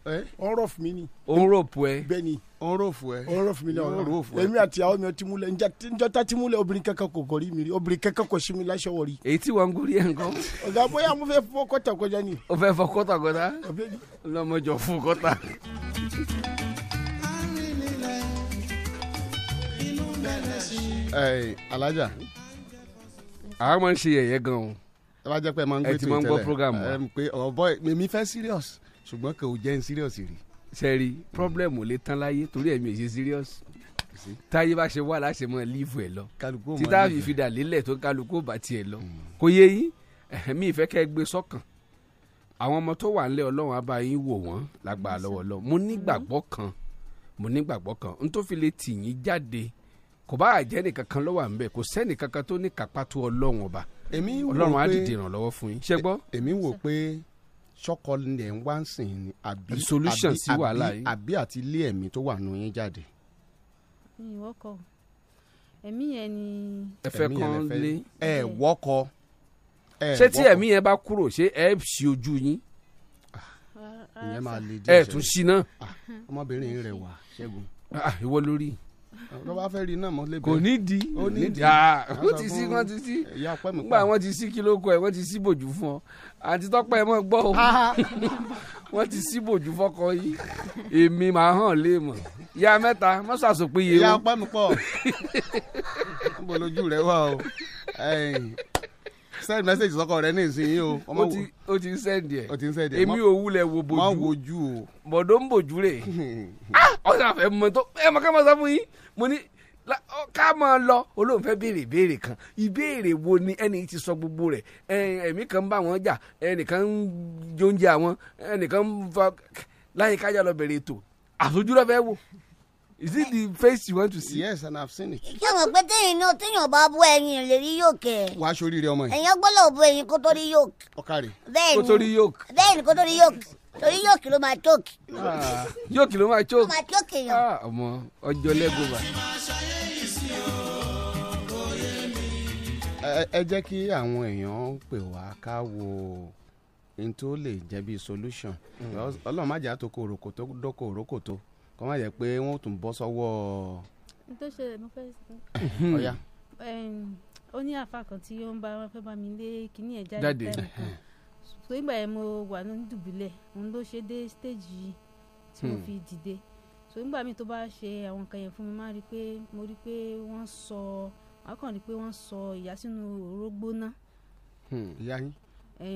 ọ̀n rọ̀f mi ni. ọ̀n rọ̀f ẹ. bẹ́ẹ̀ni ọ̀n rọ̀f ẹ. ọ̀n rọ̀f mi ni ọ̀n rọ̀f ẹ. èmi àti àwọn mi ọtí múlẹ̀ njọ́tà tí múlẹ̀ obìnrin kankan kò gọ̀rí mi rí obìnrin kankan kò sí mi láṣọ wọ̀rí. èyí tí wọ́n ń gorí ẹ̀ nǹkan. ọ̀gá bóyá mo fẹ́ fọ́ kọ́tà kọjá ni. o fẹ́ fọ́ kọ́tà kọjá. lọ́mọjọ fún kọ́tà. ẹ alájà àwọn máa ń ṣe yẹ̀yẹ́ gan-an. ẹ pé ẹ máa ń gbé tó tẹ́lẹ̀ ẹ ti máa ń gbọ́ program. ẹ pé ọ̀ oh, mi fẹ́ ṣùgbọ́n kò jẹ́ ń serious rí. sẹ́ẹ̀rì problem ò lè tán láyé torí ẹ̀mí ò ṣe serious táyé bá ṣe wà láṣẹ mọ́ líìfù ẹ̀ lọ títà fìfidà lélẹ̀ tó kálukú bá tiẹ̀ lọ hmm. kò yé yín ẹ̀mí ìfẹ́ kẹ́ ẹ gbé sọ́kàn àwọn ọmọ tó wà ńlẹ̀ ọlọ́run á bá yín wò wọ́n lágbàá lọ́wọ́ lọ mo nígbàgbọ́ kan mo nígbàgbọ́ kan n tó fi lè tì yín jáde kò bá àjẹ́ nìkankan lọ́wọ́ à ń bẹ̀ kò sẹ́nìkankan tó ní kápá tó ọlọ́run ọba ọlọ́run á dìde ìrànlọ́wọ́ fún yín ṣẹ́gbọ́. èmi wò pé sọ́kọ lẹ̀ ń wá sìn ni àbí àbí àti ilé ẹ̀mí tó wà nù yín jáde. mi yẹn ni. ẹ fẹ́ lé. ẹ wọ́kọ̀. ṣé tí ẹ̀mí yẹn bá kúrò ṣé ẹ ṣí ojú yín. Ah, ẹ tún ṣí náà. Ah, ọmọbìnrin rẹ̀ wà ṣẹ́gun. Ah, ìwọ lórí tó bá fẹ́ rí náà mọ́ lébẹ́. kò ní di ó ní di ah, wọ́n ti sí wọ́n ti sí nígbà wọ́n ti sí kí ló kọ ẹ̀ wọ́n ti sí bòjú fún ọ àti tọ́pẹ́ ẹ mọ̀ gbọ́ o ah. wọ́n ti sí bòjú fọ́kọ yìí èmi máa hàn lé mọ̀ ya mẹ́ta mọ́ sàṣọpé yẹ o. ìyá ọpẹ́ mi pọ̀ níbo rẹ wà o send message sọkọ rẹ ní ìsinyìí o. o ti o ti send yẹ. o ti send yẹ. èmi ò wulẹ̀ wo bojú. má wojú o. bọ̀dọ̀ ń bojú rẹ̀. ọ̀sán ah! àfẹ́ mọ̀ tó ẹ̀ mọ̀ ká máa sọ fún yín mo ní ká máa lọ olóhùn fẹ́ béèrè ìbéèrè kan ìbéèrè wo ni ẹni tí sọ gbogbo rẹ̀ ẹ̀mí kan bá wọn jà ẹnìkan ń jóúnjẹ àwọn ẹnìkan ń fa láyé kájà lọ bẹ̀rẹ̀ ètò àtúnjú lọ́fẹ́ wò Is it the face you want to see? Yes, and I've seen it. Ṣé o mọ̀ pé téèyàn náà téèyàn bá bú ẹyin lè rí yòókè? Wà á ṣoríire ọmọ yìí. Ẹ̀yin gbọ́dọ̀ bú ẹyin kó tó rí yòókè. Ọ̀kàrè. Bẹ́ẹ̀ni kó tó rí yòókè. Bẹ́ẹ̀ni kó tó rí yòókè. Torí yòókè ló máa tóòkì. Ah. Yòókè ló máa tóòkì. Ló máa tóòkì yàn. Ah, ọmọ ọjọ́ lẹ́gbọ̀n bá. Ẹ jẹ́ kí àwọn èèyàn pè wá ká wo n tó lè jẹ́ bí solution. Hmm. Ọlọ́run má jà tó òrokò tó dókò òrokò tó kọ́ má jẹ́ pé wọ́n tún bọ́ sọ́wọ́. n tó ṣẹlẹ̀ mo fẹ́ sọ. ọ̀ya. ó ní àfa kan tí ó ń bá wọn fẹ́ bá mi lé kíní ẹ̀ jáde tẹ́lẹ̀ kan so ìgbà yẹn mo wà ní dùbúlẹ̀ òun ló ṣe dé stage yìí tí mo hmm. fi dìde so nígbà míì tó bá ṣe àwọn nǹkan yẹn fún mi máa rí i pé mo rí i pé wọ́n sọ wọ́n kàn rí i pé wọ́n sọ ìyá sínú òróró gbóná. Hmm, ìyá yín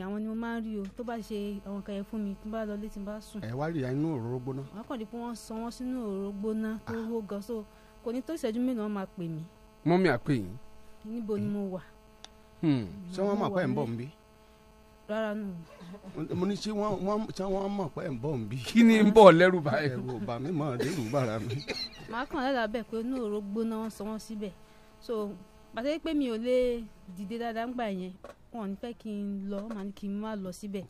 àwọn ni mo máa ń rí o tó bá ṣe àwọn kan yẹn fún mi tó bá lọ létí bá sùn. ẹ wá rí ìyá inú òróró gbóná. wọn kàn dé pé wọn sọ wọn sínú òróró gbóná ah. tó wó gan so kò ní tó ìṣẹ́jú mélòó máa pè mí. mọ́mí àpè yín. níbo ni mo wà. ṣé wọ́n mọ̀ pé ẹ̀ ń bọ̀ nbí. rárá nù. mo ní ṣé wọ́n mọ̀ pé ẹ̀ ń bọ̀ nbí. kí ni ń bọ̀ lẹ́rù báyìí. ẹ̀rù ọba mi mọ̀ dẹ́rù bàrà pàṣẹ pé mi ò lè dìde dáadáa ńgbà yẹn wọn ní fẹ́ kí n lọ wọn máa ní kí n má lọ síbẹ̀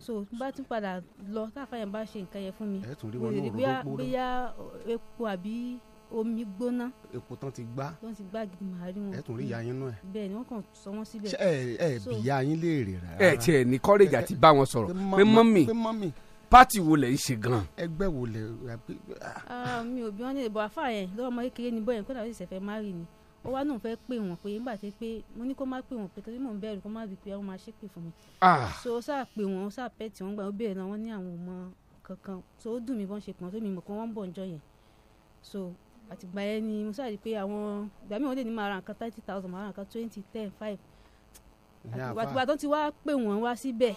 so bá tún padà lọ táàfà yẹn bá ṣe nǹkan yẹn fún mi mo lè rí bóyá epo àbí omi gbóná. epo tán ti gbá. tán ti gbá gidi màá rí wọn. ẹ tún rí ìyá yín náà ẹ. bẹ́ẹ̀ ni wọn kàn sọ wọn síbẹ̀. ẹ ẹ bí ìyá yín léèrè rárá. ẹ tiẹ̀ ní kọ́rẹ́jì àti bá wọn sọ̀rọ̀ pé mọ́mì pati wo lẹ ń ṣe gan. ẹgbẹ́ wo lẹ. Ah. Ah, mi ò bí wọ́n ní ìbò àfáà yẹn lọ́wọ́ ọmọ kékeré ni bọ́yẹn kó dàbí ìṣẹ̀fẹ̀ má rì ni ó wá náà fẹ́ pè wọ́n pé nígbà tí pé mo ní kó má pè wọ́n pé torí mò ń bẹ̀rù kó má bìí pé àwọn máa ṣépè fún mi. Ah. so ó sáà pè wọ́n ó sáà pẹ́ tí wọ́n gbà ó bèèrè náà wọ́n ní àwọn ọmọ kankan so ó dùn mí bọ́n ṣe pọ̀ tó mi mọ̀ pé wọ́n ń bọ̀ ǹjọ́ yẹn so àtìgbà yẹn ni mo sáà rí pé àwọn ìgbà míì wọ́n lè ní máa ra nǹkan thirty thousand máa ra nǹkan twenty ten five àtìgbà tó ti wá pè wọ́n wá síbẹ̀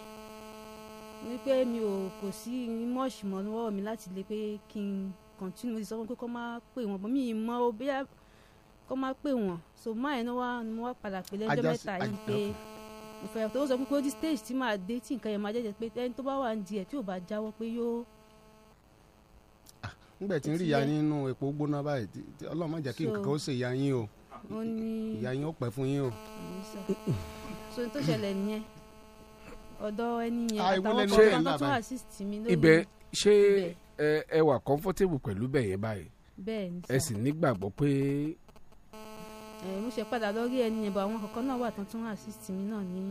ni mi ò kò sí mọ́ọ̀ṣì mọ́ lọ́wọ́ mi láti lè pé kí n continue mo ti sọ fún pé kó má pè wọ́n mi ì mọ́ o kó má pè wọ́n so má yẹn wá ni mo wá padà pè lẹ́jọ́ mẹ́ta yìí pé mo fẹ́ tó sọ pé ó di stage tí màá dé tí nǹkan yẹn máa jẹ́jẹ́ pé ẹni tó bá wà ń di ẹ̀ tí ò bá jáwọ́ pé yóò. Ah, nígbà tí ń rí ìyá yín nínú epo gbóná báyìí ọlọ́run má jẹ́ kí nǹkan ó ṣe ìyá yín o ìyá yín ó pẹ́ fún yín o. so ní tó ṣẹlẹ̀ nìyẹn ọ̀dọ̀ ẹni yẹn ah, àtàwọn kan tó tún assist mi lórí ibẹ̀ ṣé ẹ wà comfortable pẹ̀lú bẹ́ẹ̀ yẹn báyìí ẹ sì nígbàgbọ́ pé mo ṣe padà lọ rí ẹni yẹn bọ àwọn kọ̀ọ̀kan náà wà tó tún assist mi náà ní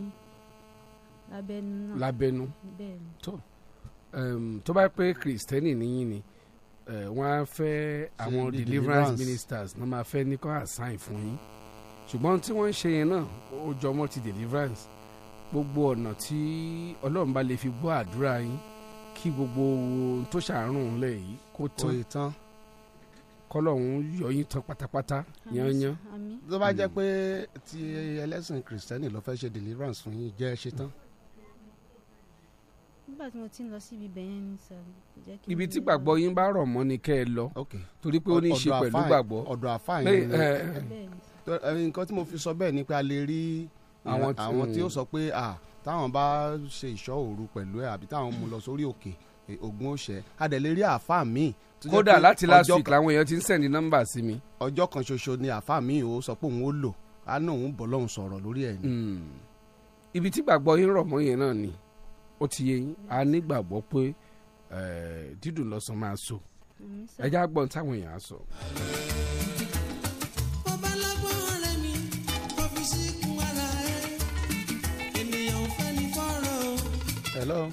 lábẹ́nú náà. lábẹ́nú tó tó bá pé kristẹni níyìn ni wọ́n á fẹ́ àwọn deliverance ministers wọ́n máa fẹ́ ní kó assign fún yín ṣùgbọ́n tí wọ́n ń ṣe yẹn náà ó jọ mọ́ ti deliverance gbogbo ọ̀nà tí ọlọ́run bá lè fi gbọ́ àdúrà yín kí gbogbo ohun tó ṣàárùn lẹ̀ yìí kó tán kọlọ́hún yọyín tán pátápátá yanyan. tó bá jẹ́ pé ti ẹlẹ́sìn kìrìsìtẹ́nì ló fẹ́ ṣe deliverance fún yín jẹ́ ṣe tán. nígbà tí mo ti ń lọ síbi ibẹ̀ yẹn ni sọ ibi tí gbàgbọ́ yín bá rọ̀ mọ́ ni kẹ́ ẹ lọ torí pé ó ní í ṣe pẹ̀lú gbàgbọ́. ọ̀dọ̀ àfa yẹn ni nǹkan tí mo fi sọ bẹ́ẹ̀ ni pé a lè rí àwọn tí ó sọ pé táwọn bá ṣe ìṣọ́ òru pẹ̀lú ẹ̀ àbí táwọn mú lọ sórí òkè. Okay ogun ọ̀sẹ̀ adẹ̀lérí àáfàá mi. kódà láti last week làwọn èèyàn ti ń sẹ̀ndí nọ́mbà sí mi. ọjọ́ kan ṣoṣo ni àáfàá mi ò sọ pé òun ó lò á ná òun bọ̀ lọ́hùn sọ̀rọ̀ lórí ẹ̀ ni. Hmm. ibi tí gbàgbọ́ yín rọ̀ mọ́ yẹn náà ni ó ti yẹ yín a nígbàgbọ́ pé dídùn lọ́sàn máa so ẹ̀já gbọ́n táwọn èèyàn á sọ. hello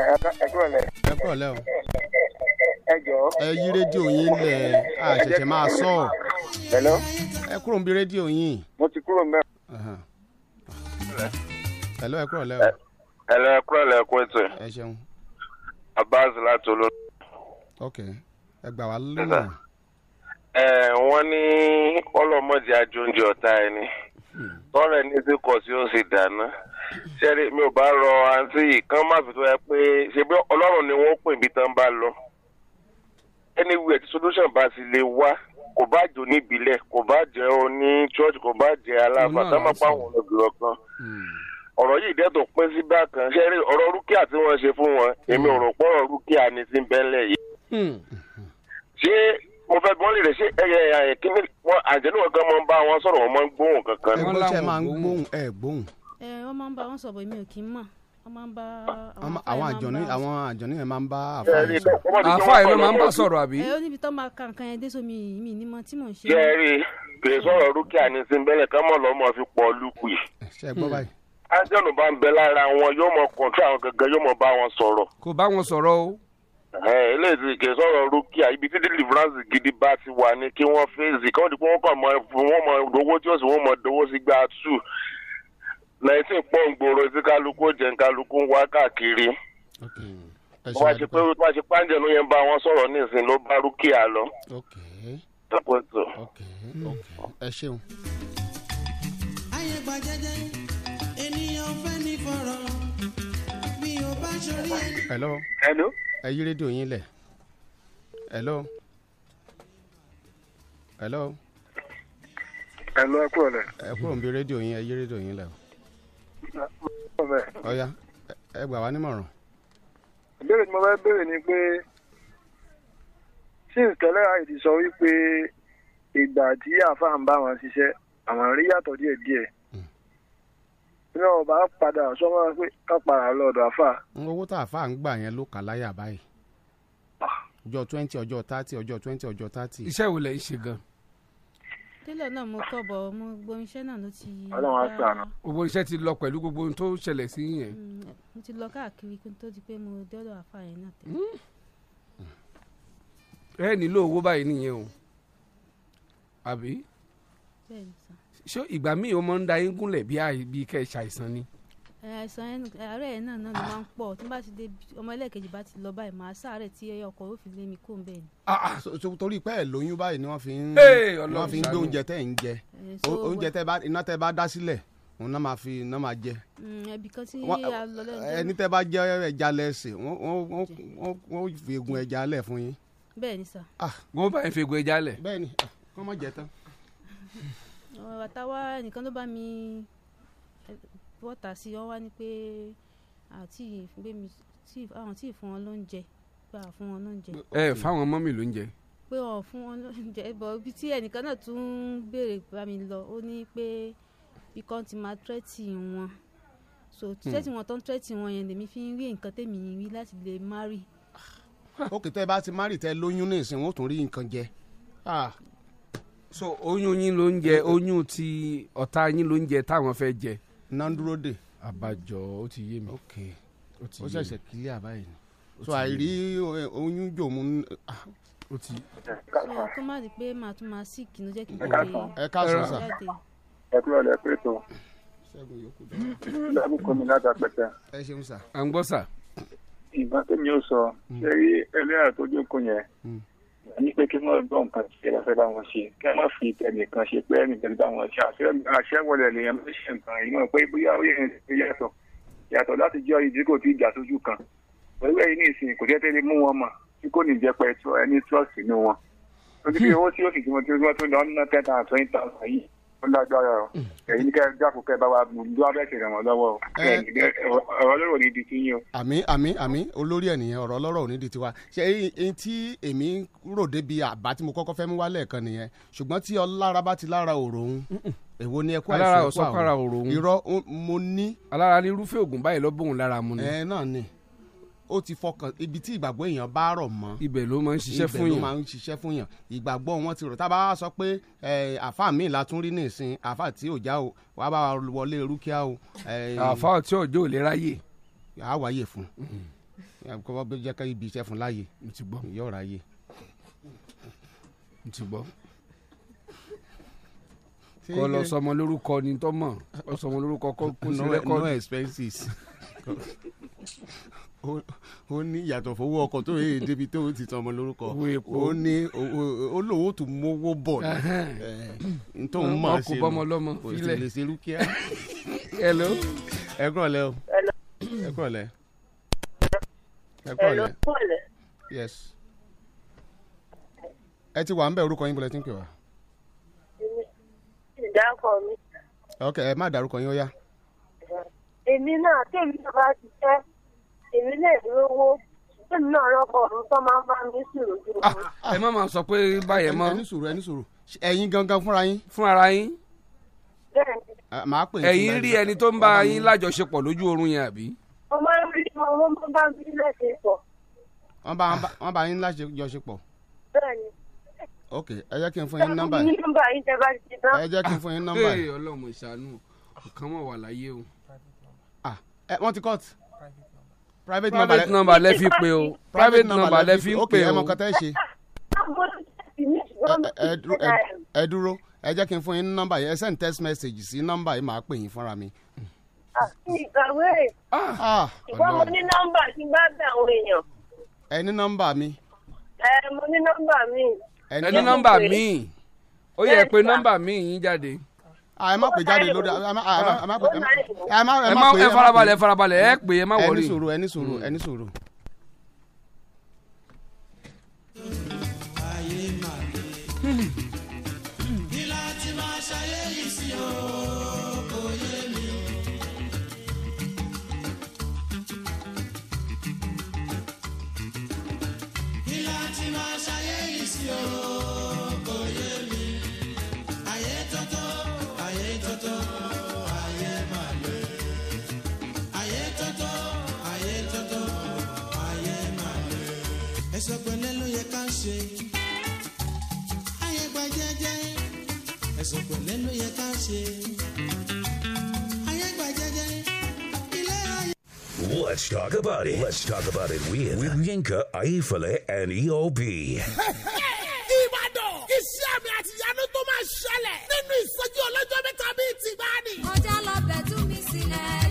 ẹ kúrọ̀ lẹ́ o. ẹ yí rédíò yín lẹ̀ a ṣẹ̀ṣẹ̀ máa sọ ọ́. ẹ kúrò ń bí rédíò yín. mo ti kúrò mẹ́. ẹ̀lọ́ ẹ kúrọ̀ lẹ́ o. ẹ̀lọ́ ẹ kúrọ̀ lẹ́ kó ètò. ẹ ṣeun. Abbas láti olórí. ok ẹ gbà wá lónìí. ẹ wọ́n ní ọlọ́mọdé ajóúnjẹ ọ̀tá ẹni hmm. tọ́rẹ̀ ní sí kọ̀ sí ó sì dáná ṣẹ́rí mi ò bá rọ àǹtí kan má fi tó yẹ pé ṣe bí ọlọ́run ni wọ́n pè bí tán bá lọ anywhere tí solution bá ti lè wá kò bá jò níbílẹ̀ kò bá jẹ́ oní church kò bá jẹ́ aláfàtàmọ́pá àwọn ọ̀gbìn ọ̀kan ọ̀rọ̀ yìí dẹ́ tó pín sí bákan ṣẹ́rí ọ̀rọ̀ rúkìá tí wọ́n ṣe fún wọn èmi ò rò pọ̀ ọ̀rọ̀ rúkìá ni ti ń bẹ́ńlẹ̀ yìí hmm. ṣé mo fẹ́ bọ́ọ̀lì rẹ̀ ṣé ẹ̀yẹ ẹ̀yẹ kí ni àjẹnú ọ̀gá máa bá wọn sọ̀rọ̀ wọn máa ń gbóhùn kankan. ẹ ẹ wọ́n máa ń bá wọn sọ̀rọ̀ èmi ò kí ń mọ̀ wọ́n máa ń bá àwọn àjọní àwọn àjọní yẹn máa ń bá àfáàyè sọ̀rọ̀ àfáàyè ló máa ń bá sọ̀rọ̀ àbí. ẹ ó níbi tó máa ka nǹkan yẹn dé sómi mi ní mọ tí mò ń ṣe. jẹ́rì kìí sọ̀rọ̀ rúkìá ní sinbẹ́lẹ̀ kámọ̀ lọ́mọ fi pọ̀ lùkù yìí. ṣe é gbọ́ báyìí. Hmm. ájọ́nù bá ń bẹ lára wọn yóò mọ kọ̀ǹtù àwọn gangan yóò mọ bá wọn sọ̀rọ̀. kò bá wọn sọ̀rọ̀ o eléyìí kì í sọ̀rọ̀ rúkìá ibi tí deliverance gidi bá ti wà ní kí wọ́n fèsì kí wọ́n ti pé wọ́n kàn mọ́ wọ́n mọ dowó tí ó sì wọ́n mọ dowó sí gba two nineteen pọ́ùn gbòòrò tí kálukú jẹ́ kálukú ń wá káàkiri wọ́n á ṣe pé wọ́n á ṣe páńjẹ́ ló yẹn bá wọn sọ̀rọ̀ nísìnyí ló bá rúkìá lọ. Mm. ẹ ṣeun. ayé jẹ́jẹ́ ènìyàn fẹ́ ní fọ̀rọ̀ bí o bá ṣorí ẹni. hello. hello. ẹ yí rédíò yín lẹ̀. hello. hello. hello ẹ kúrò lẹ̀. ẹ kúrò ń bi rédíò yín ẹ yí rédíò yín lẹ̀ o ọ̀ya ẹ gbà wá nímọ̀ràn. ìbéèrè tí mo fẹ́ béèrè ni pé sí ìtẹ́lẹ̀ àìdí sọ wípé ìgbà tí àáfàá ń bá wọn ṣiṣẹ́ àwọn rí yàtọ̀ díẹ̀ díẹ̀ ní ọba padà sọmọ pé ká padà lọ́dọ̀ àáfàá. owó tá àáfàá ń gbà yẹn ló kà láyà báyìí ah. ọjọ́ twenty ọjọ́ thirty ọjọ́ twenty ọjọ́ thirty. iṣẹ́ wo lẹ̀ ń ṣe gan-an tẹ́lẹ̀ náà mo kọ́bọ̀ mo gbọ́ iṣẹ́ náà ló ti. ọlọ́run á sànà. owó iṣẹ́ ti lọ pẹ̀lú gbogbo ohun tó ṣẹlẹ̀ sí yẹn. Mm, mo ti lọ káàkiri kí n tó di pé mo dọ́dọ̀ àfa yẹn náà tẹ́lẹ̀. Mm. ẹ nílò owó báyìí nìyẹn o àbí. ṣé ìgbà míì o máa ń da yín gúnlẹ̀ bí kẹ́ ẹ ṣàìsàn ni àìsàn ẹnu àárẹ̀ ẹ̀ náà náà ló máa ń pọ̀ tí bá ti dé ọmọ ẹlẹ́ẹ̀kejì bá ti lọ báyìí màá sáré tí ọkọ̀ ó fi lé mi kó bẹ́ẹ̀ ni. Ah, ah, torí pé ẹ lóyún báyìí ni wọ́n fi ń wọ́n fi ń gbé oúnjẹ tẹ́ ẹ̀ ń jẹ eh, oúnjẹ tẹ́ bá iná tẹ́ bá dá sílẹ̀ òun náà máa fi iná máa jẹ. Mm, ẹbí kan tí a lọ lẹ́nu. ẹni tẹ́ bá jẹ ẹja lẹ́sẹ̀ wọ́n fi egun ẹja lẹ̀ fún yín. bẹ́ẹ̀ ni sà. Ah. wọ́n bá yín fi egun ẹja lẹ̀. bẹ́ẹ̀ ni kọ́ mọ̀ jẹ tán. àtàwa nìkan ló bá mi wọ́ta sí ọ wá ní pé àti gbẹmí tí àwọn tí fún wọn lóúnjẹ pé à fún wọn lóúnjẹ. ẹ fáwọn mọ́mì lóúnjẹ. pé ọ fún wọn lóúnjẹ bọ̀ ibi tí ẹnìkan náà tún ń béèrè bá mi lọ ó ní pé ikọ́ ti máa tírẹ́tì wọn so hmm. tírẹ́tì wọn tó ń tírẹ́tì wọn yẹn lèmi fi ń rí nǹkan tèmi rí láti lè má rí. ó kì í tẹ́ bá ti má rí tẹ́ lóyún ní ìsìn wọn ò tún rí nǹkan jẹ ah. so oyún yín ló ń jẹ oyún ti ọ̀tá yín ló ń jẹ táwọn fẹ́ jẹ nanduro de. àbájọ ti yé mi. ok ó ṣẹ̀ṣẹ̀ kílẹ̀ àbáyé ni so àìrí oyún jòmú. ó ti. so kó ah. má di pé màá tún máa sí kìnnú jẹ́ kí n kò lè. ẹ káàsán sà. ẹ kúrò lẹ pé tó. ṣẹ́gun yòókù dá. ṣẹ́gun kọ́ láti apẹ̀tẹ̀. ẹ ṣeun sà. à ń gbọ́ sà. ìbátan mi ò sọ hmm. ṣe rí ẹlẹ́yà tó jókòó yẹn. Hmm ní pé kí wọ́n gbọ́ nǹkan tí ẹ fẹ́ bá wọn ṣe kí wọ́n fi ẹnìkan ṣe pé ẹnìkan bá wọn ṣe àṣẹ wọlé lèèyàn ló ṣe nǹkan yìí náà pé bóyá ó yẹ yàtọ̀ yàtọ̀ láti jọ ìdíkò tí ìjà sójú kan pẹ̀lú ẹ̀yìn ní ìsìn kò tẹ́tẹ́ lè mú wọn mọ̀ tí kò ní jẹ́ pẹ́ ẹni trust nínú wọn. ojú pé owó tí ó sì tí wọ́n tó lọ ń ná ten thousand twenty thousand yìí ó lágbára o èyí hmm. ní ká dákun kẹ bá wa mú lọ abẹ́ ti ràn wọ́n lọ́wọ́ o eh. ọ̀rọ̀ lọ́rọ̀ ní di tiyín o. àmì àmì àmì olórí ẹ̀ nìyẹn ọ̀rọ̀ lọ́rọ̀ ní di tiwa ṣe eyín tí èmi rò débi àbá tí mo kọ́kọ́ fẹ́ mú wálẹ̀ kan nìyẹn ṣùgbọ́n tí ọlára bá ti lára òrò ń èwo ni ẹkọ àìsàn pa òun irọ́ mo ní. alára ní irúfẹ́ òògùn báyìí lọ́ bóun lára mu ni. ẹ eh, náà ni ó ti fọkàn ibi tí ìgbàgbọ́ èèyàn bá rọ̀ mọ́. ibẹ̀ ló máa ń ṣiṣẹ́ fún yàn ibẹ̀ ló máa ń ṣiṣẹ́ fún yàn ìgbàgbọ́ wọn ti rọ̀ tá a bá wá sọ pé àfa mi la tún rí ní ìsìn àfa tí ò o wàá bá wọlé rúkìá o. àfa tí òjò ò lè ráyè. a wáyè fún kọ́ bá jẹ́ ká ibi iṣẹ́ fún láàyè yóò ráyè. kọ́ lọ sọmọ lórúkọ ni tọ́mọ ọ sọmọ lórúkọ kó kó sílẹ̀ kọ́. no expenses ó ní yàtọ̀ fowó ọkọ̀ tó yẹ débi tó ti tan ọmọ lórúkọ ó ní olówó tó mówó bọ̀ ntọ́ ń máa ṣe nù kò sì lè ṣe rúkìá. hello ẹ kúrọ̀ lẹ́ o ẹ kúrọ̀ lẹ́ ẹ kúrọ̀ lẹ́ yes ẹ ti wà ń bẹ orúkọ yín bọ̀lẹ́ tí ń pè wá. ok ẹ má dárúkọ yín ó yá. èmi náà tèmi náà bá ti fẹ́ èmi lè dúró wó èmi náà rọ́pò ọ̀run tó máa ń bá mi sùúrù ju. Ah, ah, ah. ẹ má máa sọ pé báyẹn mọ́. ẹni sùúrù ẹni sùúrù ẹ̀yin gangan fúnra yín. fúnra yín. bẹ́ẹ̀ni. ẹ̀yin rí ẹni tó ń bá yín lájọṣepọ̀ lójú oorun yẹn àbí. mo máa ń rí wọn wọ́n bá ń bí láṣepọ̀. wọ́n bá yín lájọṣepọ̀. bẹ́ẹ̀ni ok ẹ jẹ́ kí n fún yín nọ́mbà yìí ẹ jẹ́ kí n fún yín nọ́mbà yìí. ee ọlọ́mọ ìṣàánú ọ̀kan mọ̀ wà láyé o. wọ́n ti kọ́ọ̀tù private number private number lẹ fi pe o private number lẹ fi pe o. ok ẹ mọ nǹkan tẹ́ ẹ ṣe. ẹ dúró ẹ jẹ́ kí n fún yín ní nọ́mbà yẹn ẹ send text message sí nọ́mbà yìí màá pè yín fúnra mi. ìgbàwé ìwọ ah! mo ní nọ́mbà tí bá bẹ àwọn èèyàn. ẹ ní nọ́mbà mi. ẹ mo ní nọ́mbà mi. ẹ ní nọ́mbà mi ó yẹ pé nọ́mbà mi yín jáde. Ah, ẹ má pè jáde lórí ẹ má ẹ má ẹ má ẹ má ẹ farabalẹ̀ farabalẹ̀ ẹ pè ẹ má wọlé. ẹ ní sùúrù ẹ ní sùúrù ẹ ní sùúrù. ṣe ayẹgba jẹ́jẹ́ ẹ̀sùn pẹ̀lẹ́ ló yẹ ká ṣe ayẹgba jẹ́jẹ́ ilé ayé. Let's talk about it. Let's talk about it with, with Yinka Aifale and EOB. Ìbàdàn iṣẹ́ àmì àti ìyanu tó máa ṣẹlẹ̀ nínú ìsọjí ọlọ́jọ́ mẹ́ta bíi tìgbà Ọjà lọ bẹ̀ mi sílẹ̀.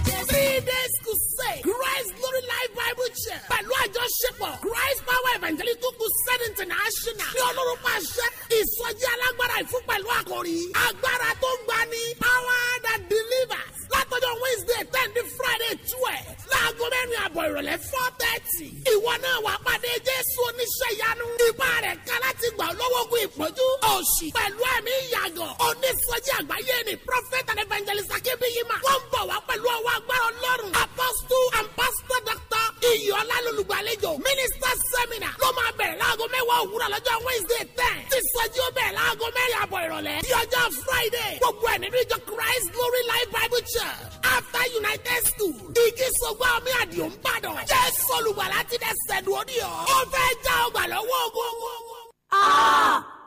Christ Glory Life Bible Church pẹ̀lú àjọṣepọ̀ Christ Power Evangelical Crusade International ní Ọlọ́run pàṣẹ ìsọjí alágbára ìfún pẹ̀lú àkòrí agbára tó gbani power that delivers látọjọ́ Wednesday ten to Friday twelve láago mẹ́rin àbọ̀ ìrọ̀lẹ́ four thirty. ìwọ náà wàá pàdé jésù oníṣẹ́ ìyanu. ipá rẹ̀ ká láti gbà olówógun ìpọ́njú òṣì pẹ̀lú ẹ̀mí ìyàgàn onísọjí àgbáyé ni prophet and evangelist akébíyìmá. wọ́n ń bọ̀ wá pẹ̀lú ọwọ́ agbára ọlọ́run. apostle and pastor doctor iyọ̀lá lolùgbàlejò minister seminar ló máa bẹ̀rẹ̀ láago mẹ́wàá òwúrọ̀ lọ́jọ́ wednesday ten. tí sọjí ó bẹ̀rẹ̀ láago mẹ́rin àbọ̀ ìrọ̀lẹ́. di ọjọ́ friday gbogbo ẹ̀ christ glory life bible church after united school ìkísọ̀g olùgbà omi àdìo ń bàdàn. jésù olùgbàlà ti dẹ̀ sẹ̀dùn ó ní ọ. ó fẹ́ já ọgbà lọ́wọ́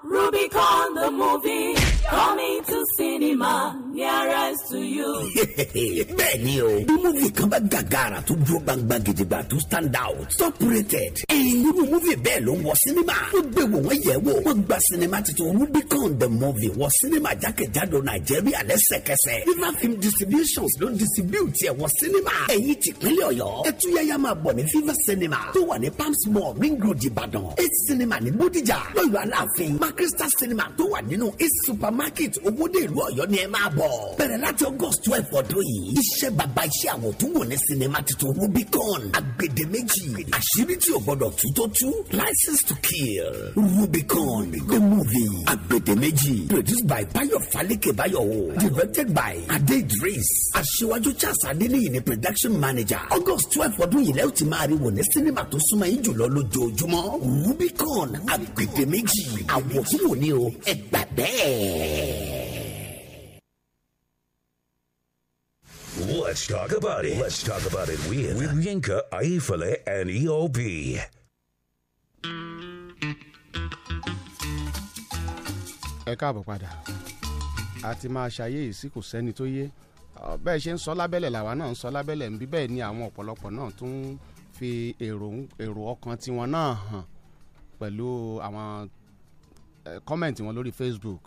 Rubicon the movie coming to cinema nearest to you. bẹ́ẹ̀ni o múvì kan bá gàgàrà tó dúró gbangba gidigba tó stand out top rated. irú múvì bẹ́ẹ̀ ló ń wọ sinima. wọ́n gbé wò wọ́n yẹ̀ wò wọ́n gba sinima titun Rubicon the movie wọ sinima jákèjádò Nàìjíríà lẹ́sẹ̀kẹsẹ̀. River Film Distributions ló ń distribute ẹ̀ wọ sinima. ẹ̀yin tìpínlẹ̀ Ọ̀yọ́ ẹtúyáyá máa bọ̀ ní fever Cinema tó wà ní Palms Mall Ring Road Ìbàdàn eight cinema ní Bódìjà lọ́yọ̀ Aláàfin má crystal cinema tó wà nínú east supermarket owóde ìlú ọ̀yọ́ ni ẹ máa bọ̀. bẹ̀rẹ̀ láti august twelve ọdún yìí iṣẹ́ bàbá iṣẹ́ àwọn tó wò ní cinema titun rubicon agbedeméjì àṣírí tí o gbọdọ̀ tú tó tú license to kill rubicon the movie agbedeméjì produced by bayo falike bayowo directed by ade idris aṣíwájú charles adeniyi ni production manager august twelve ọdún yìí lẹ́yìn tí máa rí wò ní cinema tó súnmọ́ yín jùlọ lójoojúmọ́ rubicon agbedeméjì àwọ̀ kúrò ní o ẹ gbà bẹ́ẹ̀. Let's talk about it. Let's talk about it with, with Yinka Aifale and EOB. ẹ káàbọ̀ padà a ti máa ṣàyè sí kò sẹ́ni tó yé bẹ́ẹ̀ ṣe ń sọ lábẹ́lẹ̀ làwa náà ń sọ lábẹ́lẹ̀ ń bí bẹ́ẹ̀ ni àwọn ọ̀pọ̀lọpọ̀ náà tún ń fi èrò ọkàn tiwọn náà hàn pẹ̀lú àwọn kọ́mẹ̀ntì wọn lórí Facebook